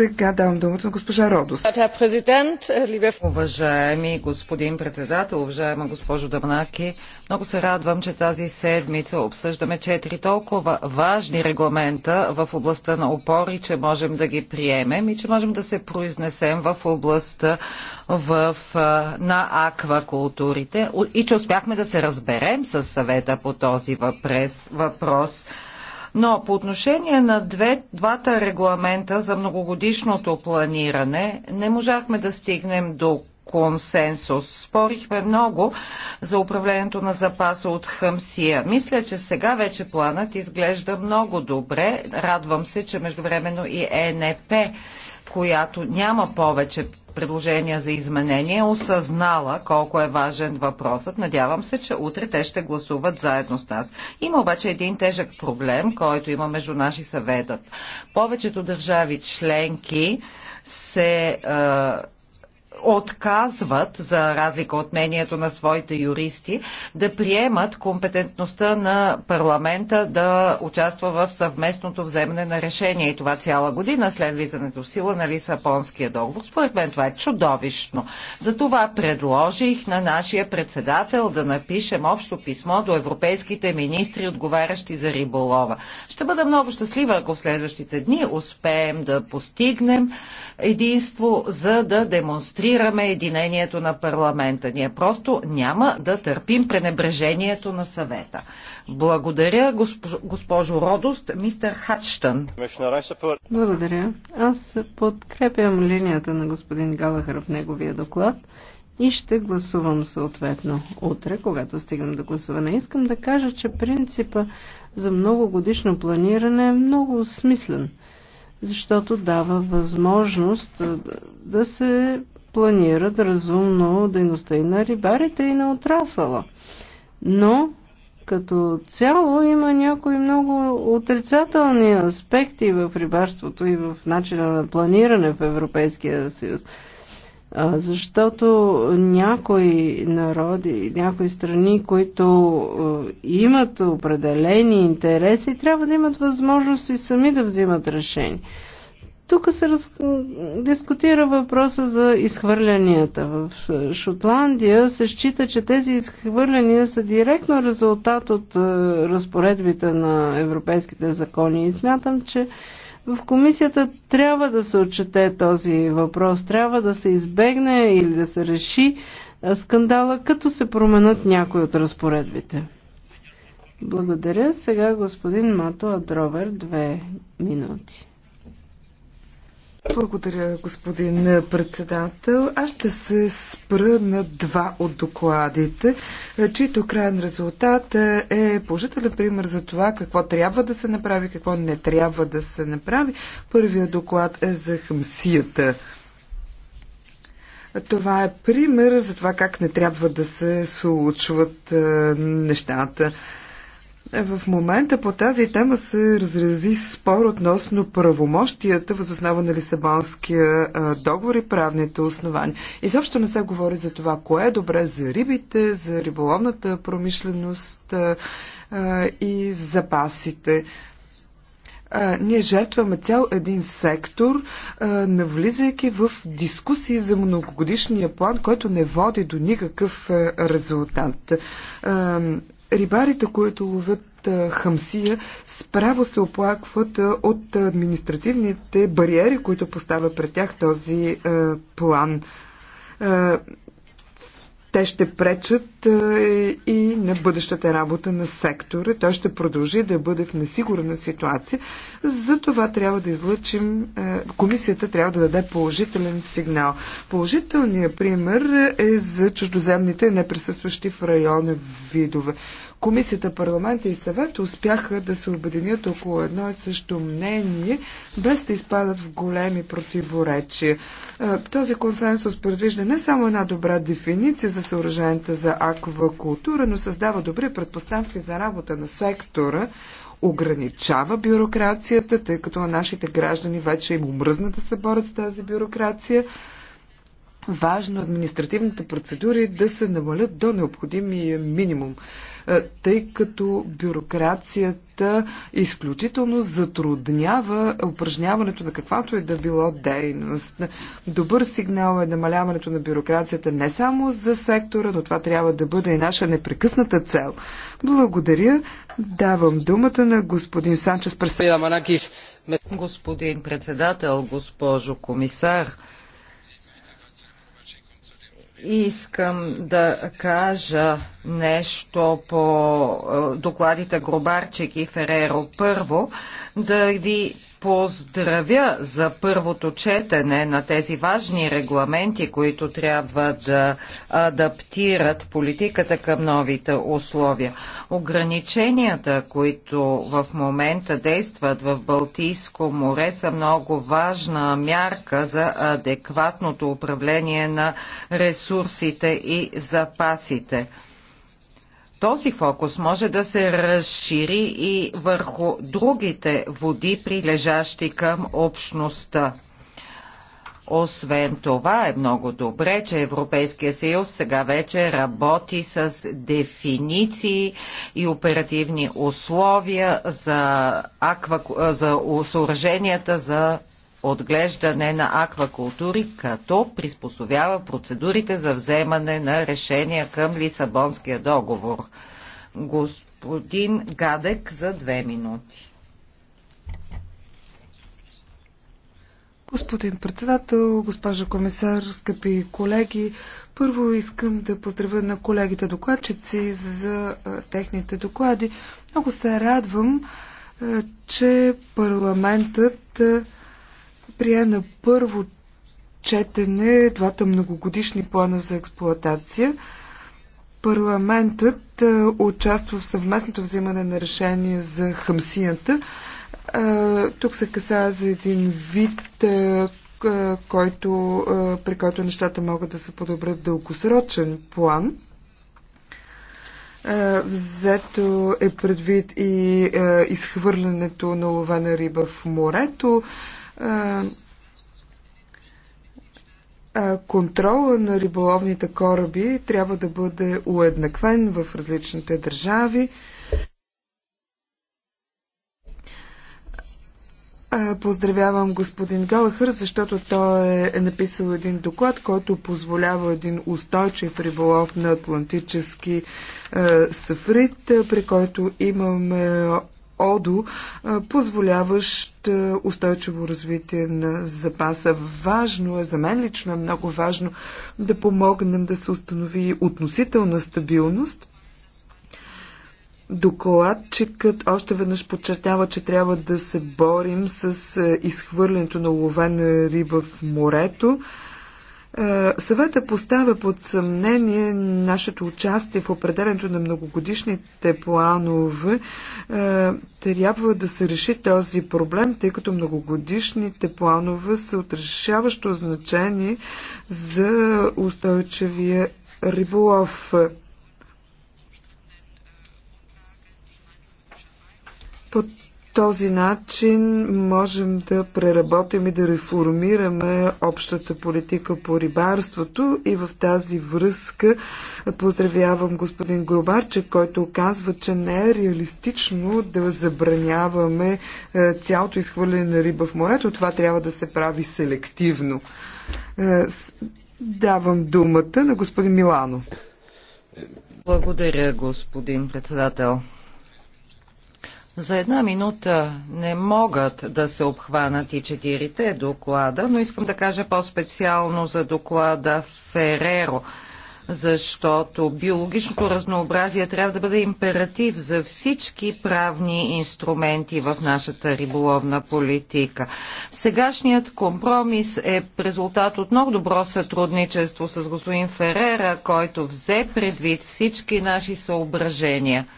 Сега давам думата на госпожа Родос. Äh, Уважаеми господин председател, уважаема госпожо Дамнаки, много се радвам, че тази седмица обсъждаме четири толкова важни регламента в областта на опори, че можем да ги приемем и че можем да се произнесем в областта в, на аквакултурите и че успяхме да се разберем с съвета по този въпрос. Но по отношение на две, двата регламента за многогодишното планиране не можахме да стигнем до консенсус. Спорихме много за управлението на запаса от Хъмсия. Мисля, че сега вече планът изглежда много добре. Радвам се, че междувременно и ЕНП която няма повече предложения за изменение, осъзнала колко е важен въпросът. Надявам се, че утре те ще гласуват заедно с нас. Има обаче един тежък проблем, който има между наши съветът. Повечето държави членки се а, отказват, за разлика от мнението на своите юристи, да приемат компетентността на парламента да участва в съвместното вземане на решение и това цяла година след влизането в сила на Лисапонския договор. Според мен това е чудовищно. Затова предложих на нашия председател да напишем общо писмо до европейските министри, отговарящи за риболова. Ще бъда много щастлива, ако в следващите дни успеем да постигнем единство, за да демонстрираме демонстрираме единението на парламента. Ние просто няма да търпим пренебрежението на съвета. Благодаря, госпожо, Родост, мистер Хатштън. Благодаря. Аз подкрепям линията на господин Галахър в неговия доклад и ще гласувам съответно утре, когато стигнем до гласуване. Искам да кажа, че принципа за многогодишно планиране е много смислен, защото дава възможност да се планират разумно дейността и на рибарите, и на отрасъла. Но като цяло има някои много отрицателни аспекти в рибарството и в начина на планиране в Европейския съюз. Защото някои народи, някои страни, които имат определени интереси, трябва да имат възможности сами да взимат решения. Тук се раз... дискутира въпроса за изхвърлянията. В Шотландия се счита, че тези изхвърляния са директно резултат от е, разпоредбите на европейските закони. И смятам, че в комисията трябва да се отчете този въпрос, трябва да се избегне или да се реши е, скандала, като се променят някои от разпоредбите. Благодаря. Сега господин Мато Адровер, две минути. Благодаря, господин председател. Аз ще се спра на два от докладите, чието крайен резултат е положителен пример за това какво трябва да се направи, какво не трябва да се направи. Първият доклад е за хамсията. Това е пример за това как не трябва да се случват е, нещата. В момента по тази тема се разрази спор относно правомощията въз основа на Лисабонския договор и правните основания. Изобщо не се говори за това, кое е добре за рибите, за риболовната промишленост и запасите ние жертваме цял един сектор, навлизайки в дискусии за многогодишния план, който не води до никакъв резултат. Рибарите, които ловят хамсия, справо се оплакват от административните бариери, които поставя пред тях този план те ще пречат и на бъдещата работа на сектора. Той ще продължи да бъде в несигурна ситуация. За това трябва да излъчим, комисията трябва да даде положителен сигнал. Положителният пример е за чуждоземните неприсъстващи в района видове. Комисията, парламента и съвет успяха да се обединят около едно и също мнение, без да изпадат в големи противоречия. Е, този консенсус предвижда не само една добра дефиниция за съоръженията за аквакултура, но създава добри предпоставки за работа на сектора, ограничава бюрокрацията, тъй като на нашите граждани вече им омръзна да се борят с тази бюрокрация. Важно е административните процедури да се намалят до необходимия минимум. Е, тъй като бюрокрацията изключително затруднява упражняването на каквато и да било дейност. Добър сигнал е намаляването на бюрокрацията не само за сектора, но това трябва да бъде и наша непрекъсната цел. Благодаря. Давам думата на господин Санчес Преседа. Господин председател, госпожо комисар, Искам да кажа нещо по е, докладите Гробарчик и Фереро. Първо, да ви поздравя за първото четене на тези важни регламенти, които трябва да адаптират политиката към новите условия. Ограниченията, които в момента действат в Балтийско море, са много важна мярка за адекватното управление на ресурсите и запасите. Този фокус може да се разшири и върху другите води, прилежащи към общността. Освен това е много добре, че Европейския съюз сега вече работи с дефиниции и оперативни условия за, аква, за съоръженията за отглеждане на аквакултури, като приспособява процедурите за вземане на решения към Лисабонския договор. Господин Гадек за две минути. Господин председател, госпожа комисар, скъпи колеги, първо искам да поздравя на колегите докладчици за техните доклади. Много се радвам, че парламентът прие на първо четене двата многогодишни плана за експлоатация. Парламентът е, участва в съвместното взимане на решение за хамсията. Е, тук се касае за един вид, е, който, при който нещата могат да се подобрят дългосрочен план. Взето е предвид и изхвърлянето на ловена риба в морето, контрола на риболовните кораби трябва да бъде уеднаквен в различните държави. Поздравявам господин Галахър, защото той е, е написал един доклад, който позволява един устойчив риболов на Атлантически сафрит, при който имаме ОДО, позволяващ устойчиво развитие на запаса. Важно е, за мен лично е много важно да помогнем да се установи относителна стабилност Докладчикът още веднъж подчертава, че трябва да се борим с изхвърлянето на ловена риба в морето. Е, съвета поставя под съмнение нашето участие в определенето на многогодишните планове. Е, трябва да се реши този проблем, тъй като многогодишните планове са отрешаващо значение за устойчивия риболов. По този начин можем да преработим и да реформираме общата политика по рибарството и в тази връзка поздравявам господин Глобарче, който казва, че не е реалистично да забраняваме е, цялото изхвърляне на риба в морето. Това трябва да се прави селективно. Е, давам думата на господин Милано. Благодаря, господин председател. За една минута не могат да се обхванат и четирите доклада, но искам да кажа по-специално за доклада Фереро, защото биологичното разнообразие трябва да бъде императив за всички правни инструменти в нашата риболовна политика. Сегашният компромис е резултат от много добро сътрудничество с господин Ферера, който взе предвид всички наши съображения –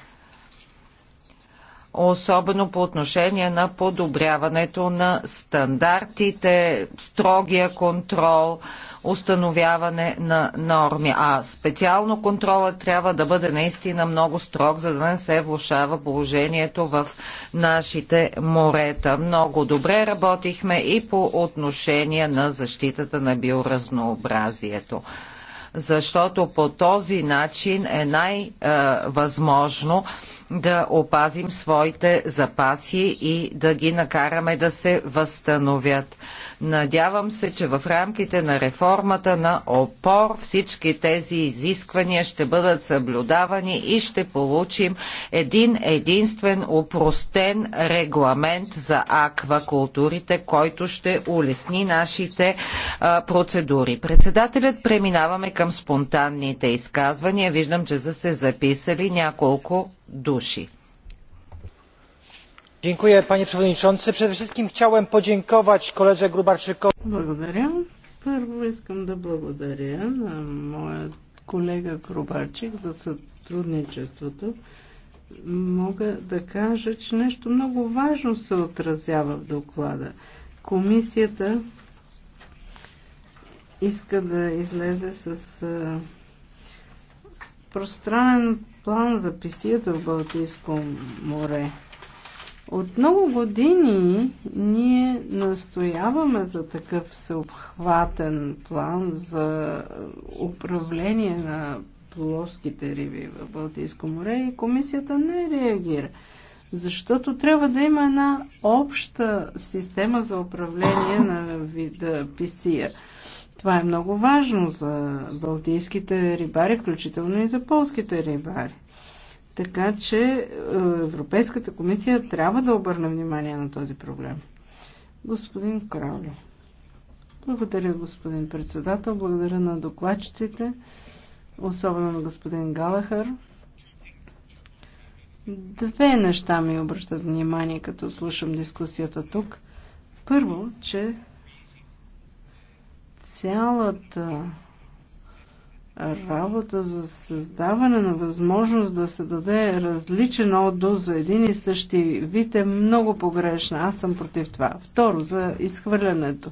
особено по отношение на подобряването на стандартите, строгия контрол, установяване на норми. А специално контрола трябва да бъде наистина много строг, за да не се влушава положението в нашите морета. Много добре работихме и по отношение на защитата на биоразнообразието защото по този начин е най-възможно е, да опазим своите запаси и да ги накараме да се възстановят. Надявам се, че в рамките на реформата на опор всички тези изисквания ще бъдат съблюдавани и ще получим един единствен упростен регламент за аквакултурите, който ще улесни нашите а, процедури. Председателят преминаваме към спонтанните изказвания. Виждам, че са се записали няколко души. Благодаря. Първо искам да благодаря на моят колега Грубарчик за сътрудничеството. Мога да кажа, че нещо много важно се отразява в доклада. Комисията иска да излезе с пространен план за писията в Балтийско море. От много години ние настояваме за такъв всеобхватен план за управление на плоските риби в Балтийско море и комисията не реагира. Защото трябва да има една обща система за управление на вида писия. Това е много важно за балтийските рибари, включително и за полските рибари. Така че е, Европейската комисия трябва да обърне внимание на този проблем. Господин Краули. Благодаря, господин председател. Благодаря на докладчиците, особено на господин Галахър. Две неща ми обръщат внимание, като слушам дискусията тук. Първо, че цялата работа за създаване на възможност да се даде различен отдух за един и същи вид е много погрешна. Аз съм против това. Второ, за изхвърлянето.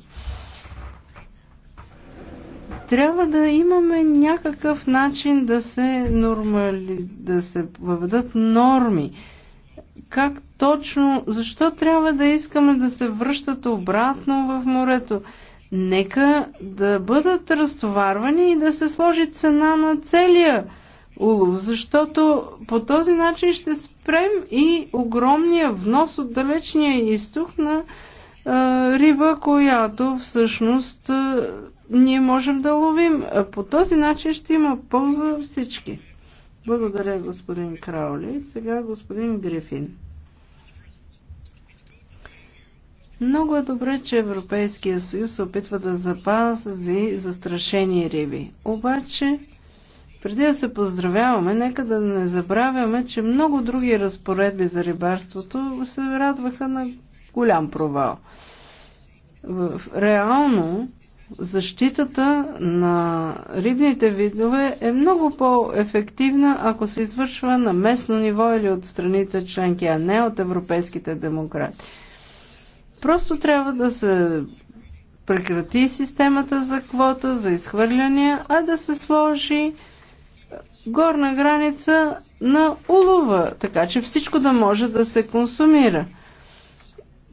Трябва да имаме някакъв начин да се нормали... да се въведат норми. Как точно, защо трябва да искаме да се връщат обратно в морето? Нека да бъдат разтоварвани и да се сложи цена на целия улов, защото по този начин ще спрем и огромния внос от далечния изток на а, риба, която всъщност а, ние можем да ловим. А по този начин ще има полза всички. Благодаря, господин Краули. Сега господин Грифин. Много е добре, че Европейския съюз се опитва да запази застрашени риби. Обаче, преди да се поздравяваме, нека да не забравяме, че много други разпоредби за рибарството се радваха на голям провал. Реално, защитата на рибните видове е много по-ефективна, ако се извършва на местно ниво или от страните членки, а не от европейските демократи. Просто трябва да се прекрати системата за квота, за изхвърляния, а да се сложи горна граница на улова, така че всичко да може да се консумира.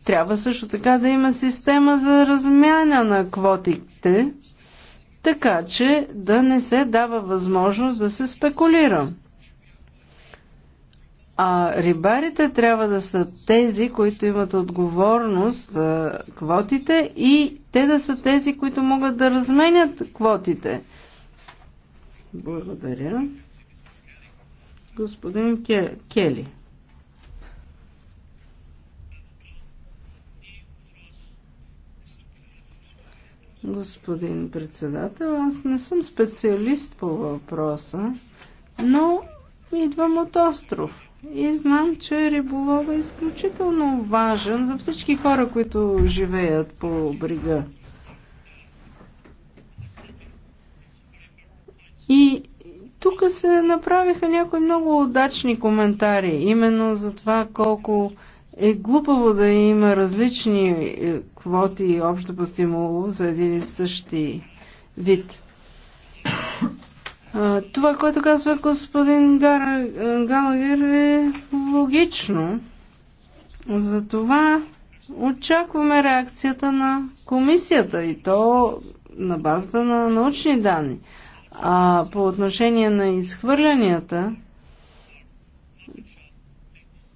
Трябва също така да има система за размяна на квотите, така че да не се дава възможност да се спекулира. А рибарите трябва да са тези, които имат отговорност за квотите и те да са тези, които могат да разменят квотите. Благодаря. Господин Кели. Господин председател, аз не съм специалист по въпроса, но идвам от остров и знам, че риболова е изключително важен за всички хора, които живеят по брега. И тук се направиха някои много удачни коментари, именно за това колко е глупаво да има различни е, квоти и общо по стимул за един и същи вид. Това, което казва господин Гара, е, Галагер е логично. Затова очакваме реакцията на комисията и то на базата на научни данни. А по отношение на изхвърлянията,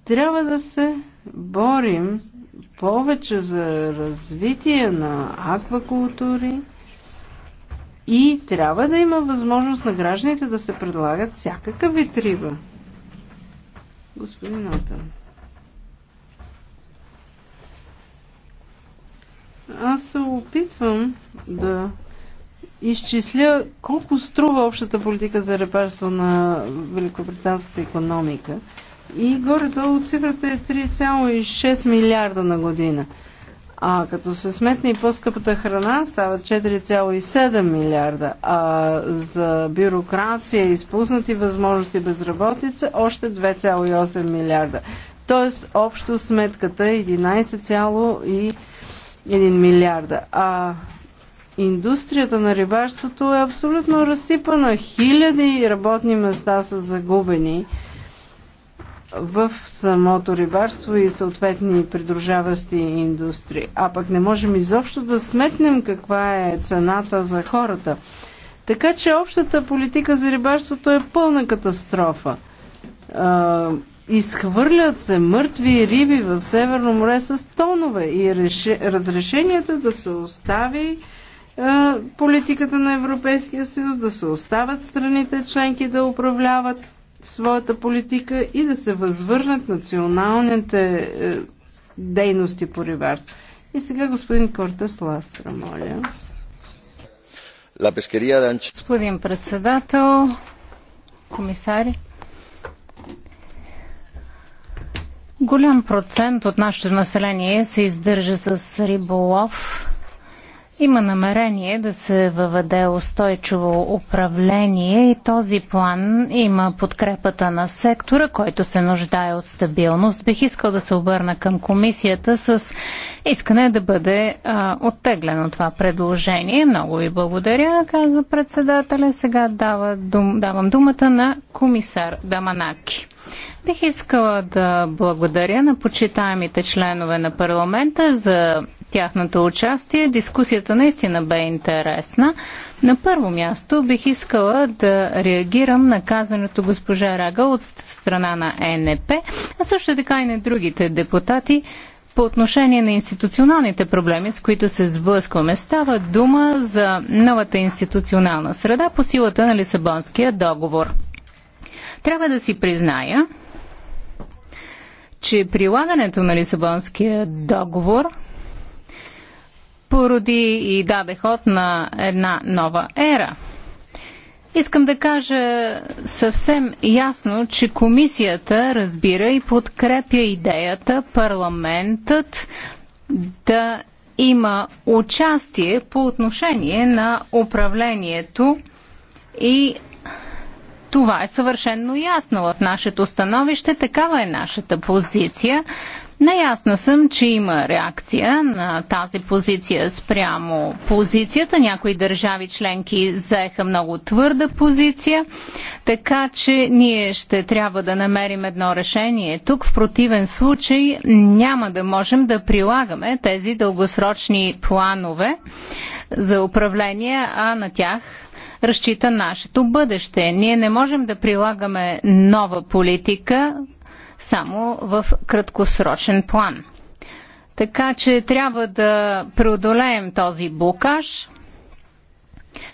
трябва да се борим повече за развитие на аквакултури, и трябва да има възможност на гражданите да се предлагат всякакъв вид риба. Господин Отън. Аз се опитвам да изчисля колко струва общата политика за репарство на великобританската економика. И горе-долу цифрата е 3,6 милиарда на година. А като се сметне и по-скъпата храна, става 4,7 милиарда. А за бюрокрация, изпуснати възможности безработица, още 2,8 милиарда. Тоест, общо сметката е 11,1 милиарда. А индустрията на рибарството е абсолютно разсипана. Хиляди работни места са загубени в самото рибарство и съответни придружаващи индустрии. А пък не можем изобщо да сметнем каква е цената за хората. Така че общата политика за рибарството е пълна катастрофа. Изхвърлят се мъртви риби в Северно море с тонове и реше... разрешението е да се остави политиката на Европейския съюз, да се остават страните членки да управляват своята политика и да се възвърнат националните е, дейности по рибарство. И сега господин Кортес Ластра, моля. Господин председател, комисари, голям процент от нашето население се издържа с риболов има намерение да се въведе устойчиво управление и този план има подкрепата на сектора, който се нуждае от стабилност. Бих искал да се обърна към комисията с искане да бъде а, оттеглено това предложение. Много ви благодаря, казва председателя. Сега дава дум, давам думата на комисар Даманаки. Бих искала да благодаря на почитаемите членове на парламента за тяхното участие. Дискусията наистина бе интересна. На първо място бих искала да реагирам на казаното госпожа Рага от страна на ЕНП, а също така и на другите депутати, по отношение на институционалните проблеми, с които се сблъскваме, става дума за новата институционална среда по силата на Лисабонския договор. Трябва да си призная, че прилагането на Лисабонския договор породи и даде ход на една нова ера. Искам да кажа съвсем ясно, че комисията разбира и подкрепя идеята парламентът да има участие по отношение на управлението и това е съвършенно ясно в нашето становище, такава е нашата позиция. Наясна съм, че има реакция на тази позиция спрямо позицията. Някои държави членки заеха много твърда позиция, така че ние ще трябва да намерим едно решение. Тук в противен случай няма да можем да прилагаме тези дългосрочни планове за управление, а на тях разчита нашето бъдеще. Ние не можем да прилагаме нова политика, само в краткосрочен план. Така че трябва да преодолеем този блокаж.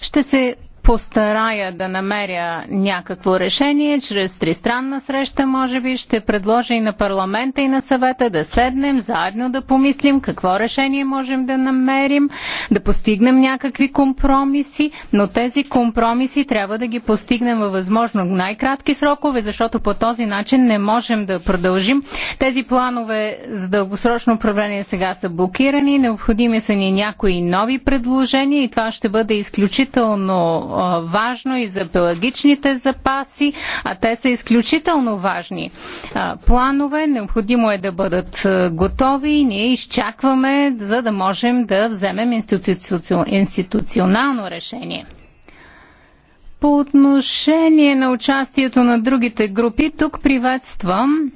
Ще се постарая да намеря някакво решение. Чрез тристранна среща, може би, ще предложа и на парламента и на съвета да седнем, заедно да помислим какво решение можем да намерим, да постигнем някакви компромиси, но тези компромиси трябва да ги постигнем във възможно най-кратки срокове, защото по този начин не можем да продължим. Тези планове за дългосрочно управление сега са блокирани, необходими са ни някои нови предложения и това ще бъде изключително важно и за пелагичните запаси, а те са изключително важни. Планове необходимо е да бъдат готови и ние изчакваме, за да можем да вземем институционално решение. По отношение на участието на другите групи, тук приветствам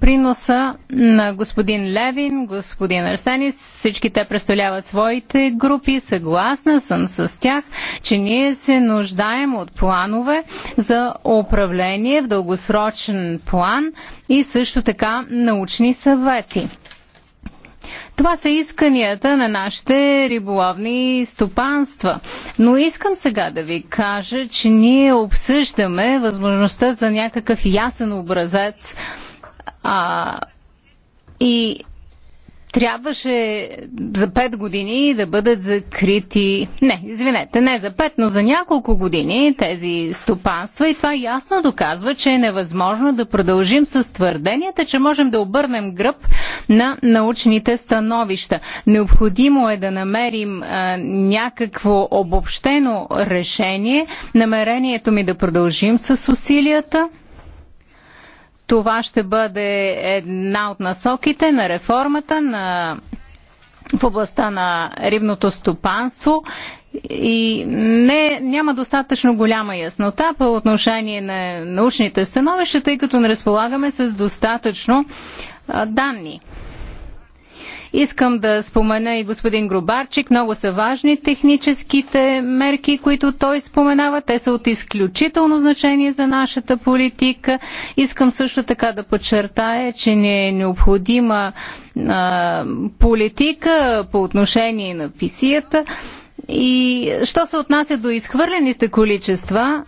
приноса на господин Левин, господин Арсенис. Всички те представляват своите групи. Съгласна съм с тях, че ние се нуждаем от планове за управление в дългосрочен план и също така научни съвети. Това са исканията на нашите риболовни стопанства. Но искам сега да ви кажа, че ние обсъждаме възможността за някакъв ясен образец а, и трябваше за 5 години да бъдат закрити, не, извинете, не за 5, но за няколко години тези стопанства и това ясно доказва, че е невъзможно да продължим с твърденията, че можем да обърнем гръб на научните становища. Необходимо е да намерим а, някакво обобщено решение. Намерението ми е да продължим с усилията това ще бъде една от насоките на реформата на в областта на рибното стопанство и не, няма достатъчно голяма яснота по отношение на научните становища, тъй като не разполагаме с достатъчно а, данни. Искам да спомена и господин Грубарчик. Много са важни техническите мерки, които той споменава. Те са от изключително значение за нашата политика. Искам също така да подчертая, че не е необходима а, политика по отношение на писията. И що се отнася до изхвърлените количества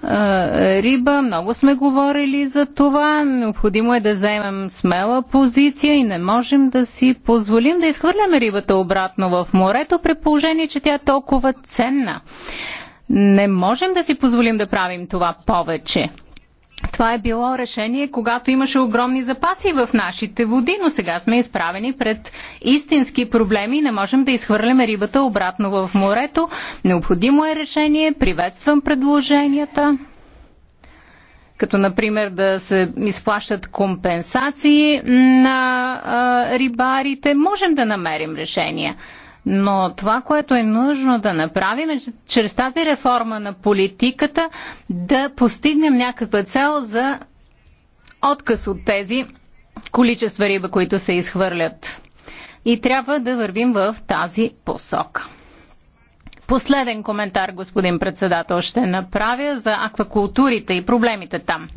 риба, много сме говорили за това. Необходимо е да вземем смела позиция и не можем да си позволим да изхвърляме рибата обратно в морето, при положение, че тя е толкова ценна. Не можем да си позволим да правим това повече. Това е било решение, когато имаше огромни запаси в нашите води, но сега сме изправени пред истински проблеми и не можем да изхвърляме рибата обратно в морето. Необходимо е решение. Приветствам предложенията като например да се изплащат компенсации на а, рибарите, можем да намерим решения. Но това, което е нужно да направим е чрез тази реформа на политиката да постигнем някаква цел за отказ от тези количества риба, които се изхвърлят. И трябва да вървим в тази посока. Последен коментар, господин председател, ще направя за аквакултурите и проблемите там.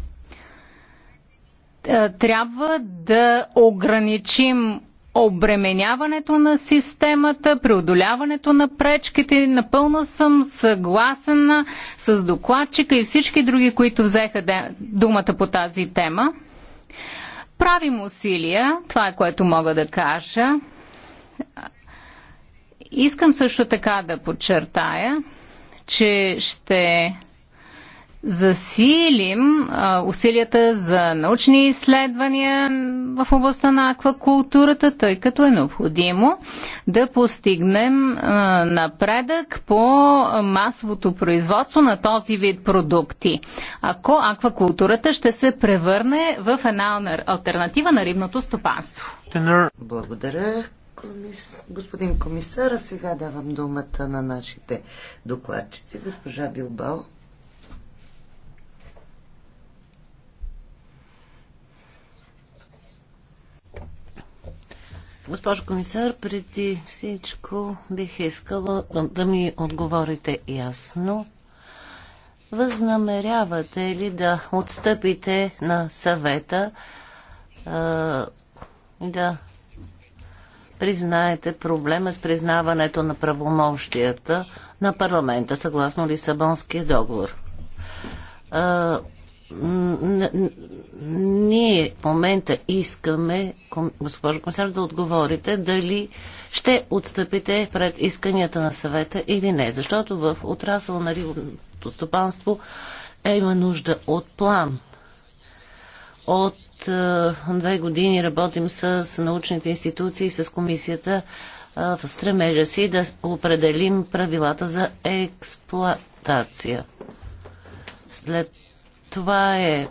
Е, трябва да ограничим обременяването на системата, преодоляването на пречките. Напълно съм съгласена с докладчика и всички други, които взеха думата по тази тема. Правим усилия, това е което мога да кажа. Искам също така да подчертая, че ще засилим а, усилията за научни изследвания в областта на аквакултурата, тъй като е необходимо да постигнем а, напредък по масовото производство на този вид продукти. Ако аквакултурата ще се превърне в една альтернатива на рибното стопанство. Благодаря. Комис... Господин комисар, сега давам думата на нашите докладчици, госпожа Билбао. Госпожо комисар, преди всичко бих искала да ми отговорите ясно. Възнамерявате ли да отстъпите на съвета и да признаете проблема с признаването на правомощията на парламента, съгласно Лисабонския договор? ние в момента искаме, госпожо комисар, да отговорите дали ще отстъпите пред исканията на съвета или не. Защото в отрасъл на рибното стопанство е, има нужда от план. От е, две години работим с научните институции, с комисията е, в стремежа си да определим правилата за експлоатация. След това е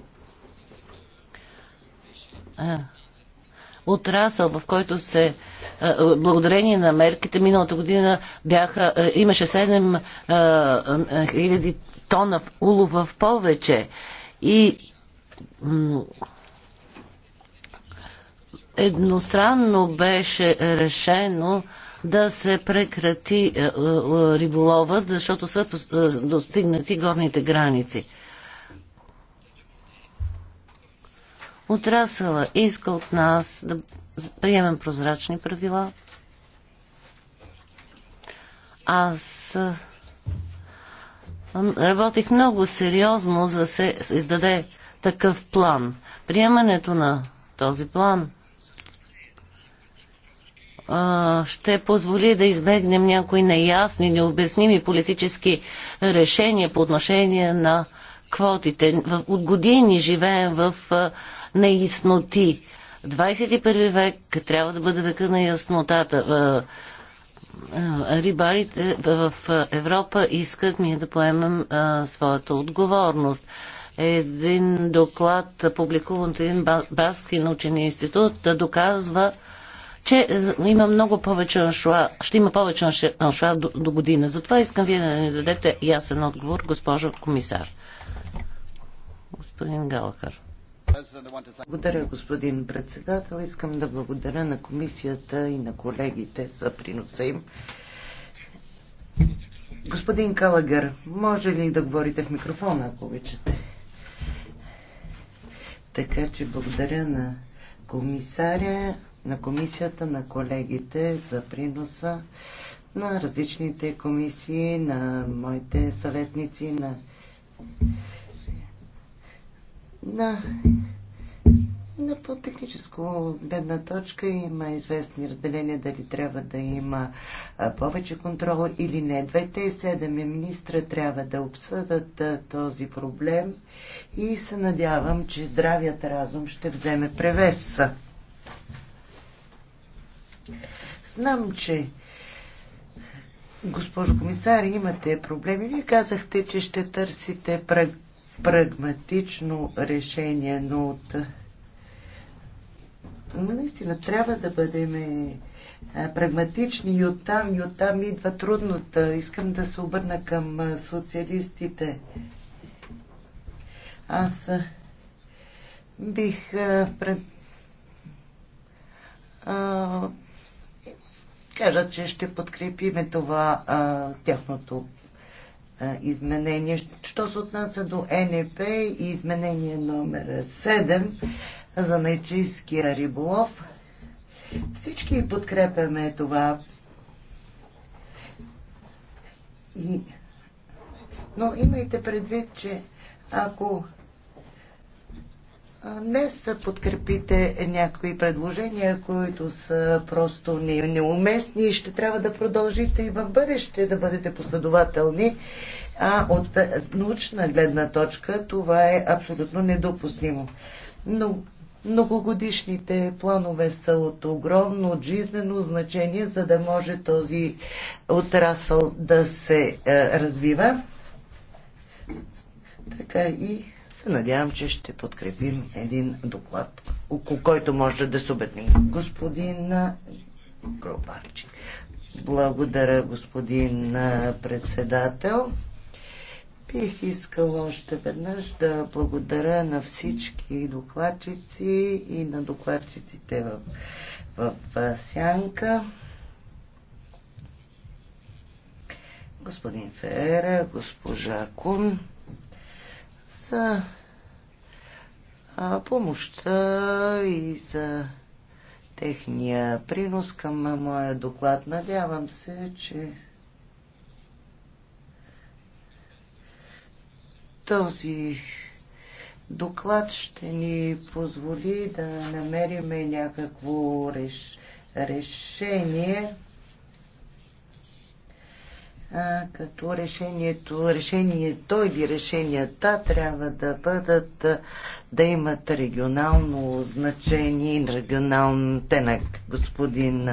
отрасъл, в който се благодарение на мерките миналата година бяха, имаше 7 000 тона в улов в повече и едностранно беше решено да се прекрати риболовът, защото са достигнати горните граници. Отрасъла иска от нас да приемем прозрачни правила. Аз работих много сериозно за да се издаде такъв план. Приемането на този план ще позволи да избегнем някои неясни, необясними политически решения по отношение на квотите. От години живеем в неясноти. 21 век трябва да бъде века на яснотата. Рибарите в Европа искат ние да поемем своята отговорност. Един доклад, публикуван от един баски научен институт, да доказва, че има много повече аншла, ще има повече аншла до, до година. Затова искам вие да ни дадете ясен отговор, госпожо комисар. Господин Галахар. Благодаря, господин председател. Искам да благодаря на комисията и на колегите за приноса им. Господин Калагър, може ли да говорите в микрофона, ако обичате? Така че благодаря на комисаря, на комисията, на колегите за приноса на различните комисии, на моите съветници, на на, на по-техническо гледна точка има известни разделения дали трябва да има повече контрол или не. 207 е министра трябва да обсъдат този проблем и се надявам, че здравият разум ще вземе превес. Знам, че Госпожо комисар, имате проблеми. Вие казахте, че ще търсите прагматично решение, но от... наистина трябва да бъдем прагматични и оттам, и оттам идва трудното. Искам да се обърна към социалистите. Аз бих пред... кажа, че ще подкрепиме това тяхното изменения. Що се отнася до НЕП и изменение номер 7 за найчийския риболов, всички подкрепяме това. И... Но имайте предвид, че ако днес подкрепите някои предложения, които са просто неуместни и ще трябва да продължите и в бъдеще да бъдете последователни. А от научна гледна точка това е абсолютно недопустимо. Но Многогодишните планове са от огромно, жизнено значение, за да може този отрасъл да се е, развива. Така и се надявам, че ще подкрепим един доклад, около който може да се обедним. Господин Гробарчик. Благодаря, господин председател. Бих искала още веднъж да благодаря на всички докладчици и на докладчиците в, в, в Сянка. Господин Ферера, госпожа Кун за помощта и за техния принос към моя доклад. Надявам се, че този доклад ще ни позволи да намериме някакво реш... решение като решението, решението или решенията трябва да бъдат да имат регионално значение и регионален тенък. Господин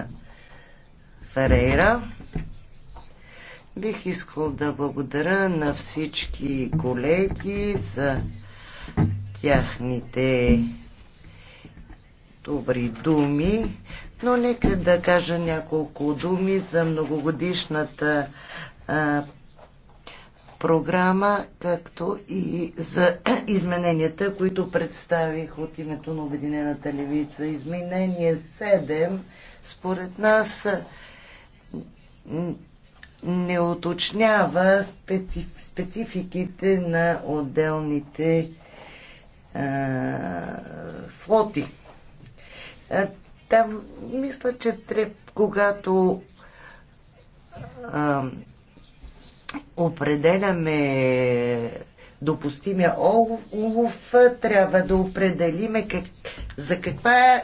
Ферейра, бих искал да благодаря на всички колеги за тяхните добри думи, но нека да кажа няколко думи за многогодишната програма, както и за измененията, които представих от името на Обединената левица. Изменение 7, според нас, не уточнява спецификите на отделните а, флоти. А, там мисля, че треб, когато а, определяме допустимия улов, трябва да определиме как, за каква е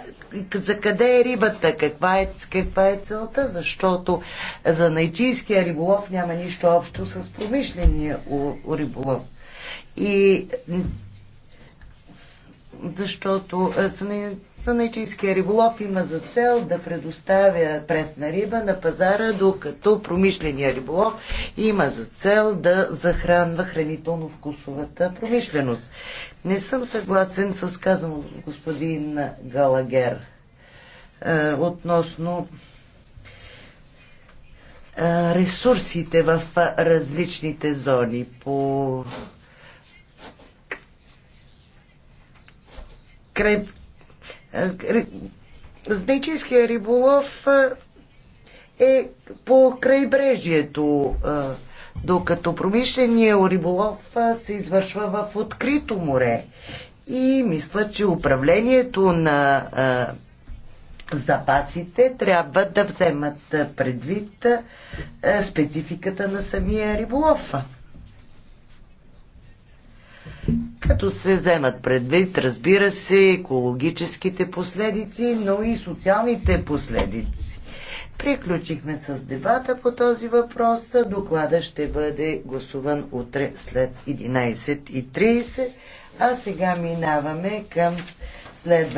за къде е рибата, каква е, каква е целта, защото за найчийския риболов няма нищо общо с промишления риболов. И защото Сънайчийския риболов има за цел да предоставя пресна риба на пазара, докато промишления риболов има за цел да захранва хранително-вкусовата промишленост. Не съм съгласен с казаното господин Галагер е, относно е, ресурсите в различните зони по край Знечийския риболов е по крайбрежието, докато промишления риболов се извършва в открито море. И мисля, че управлението на запасите трябва да вземат предвид спецификата на самия риболов. като се вземат предвид, разбира се, екологическите последици, но и социалните последици. Приключихме с дебата по този въпрос. Доклада ще бъде гласуван утре след 11.30. А сега минаваме към следващия.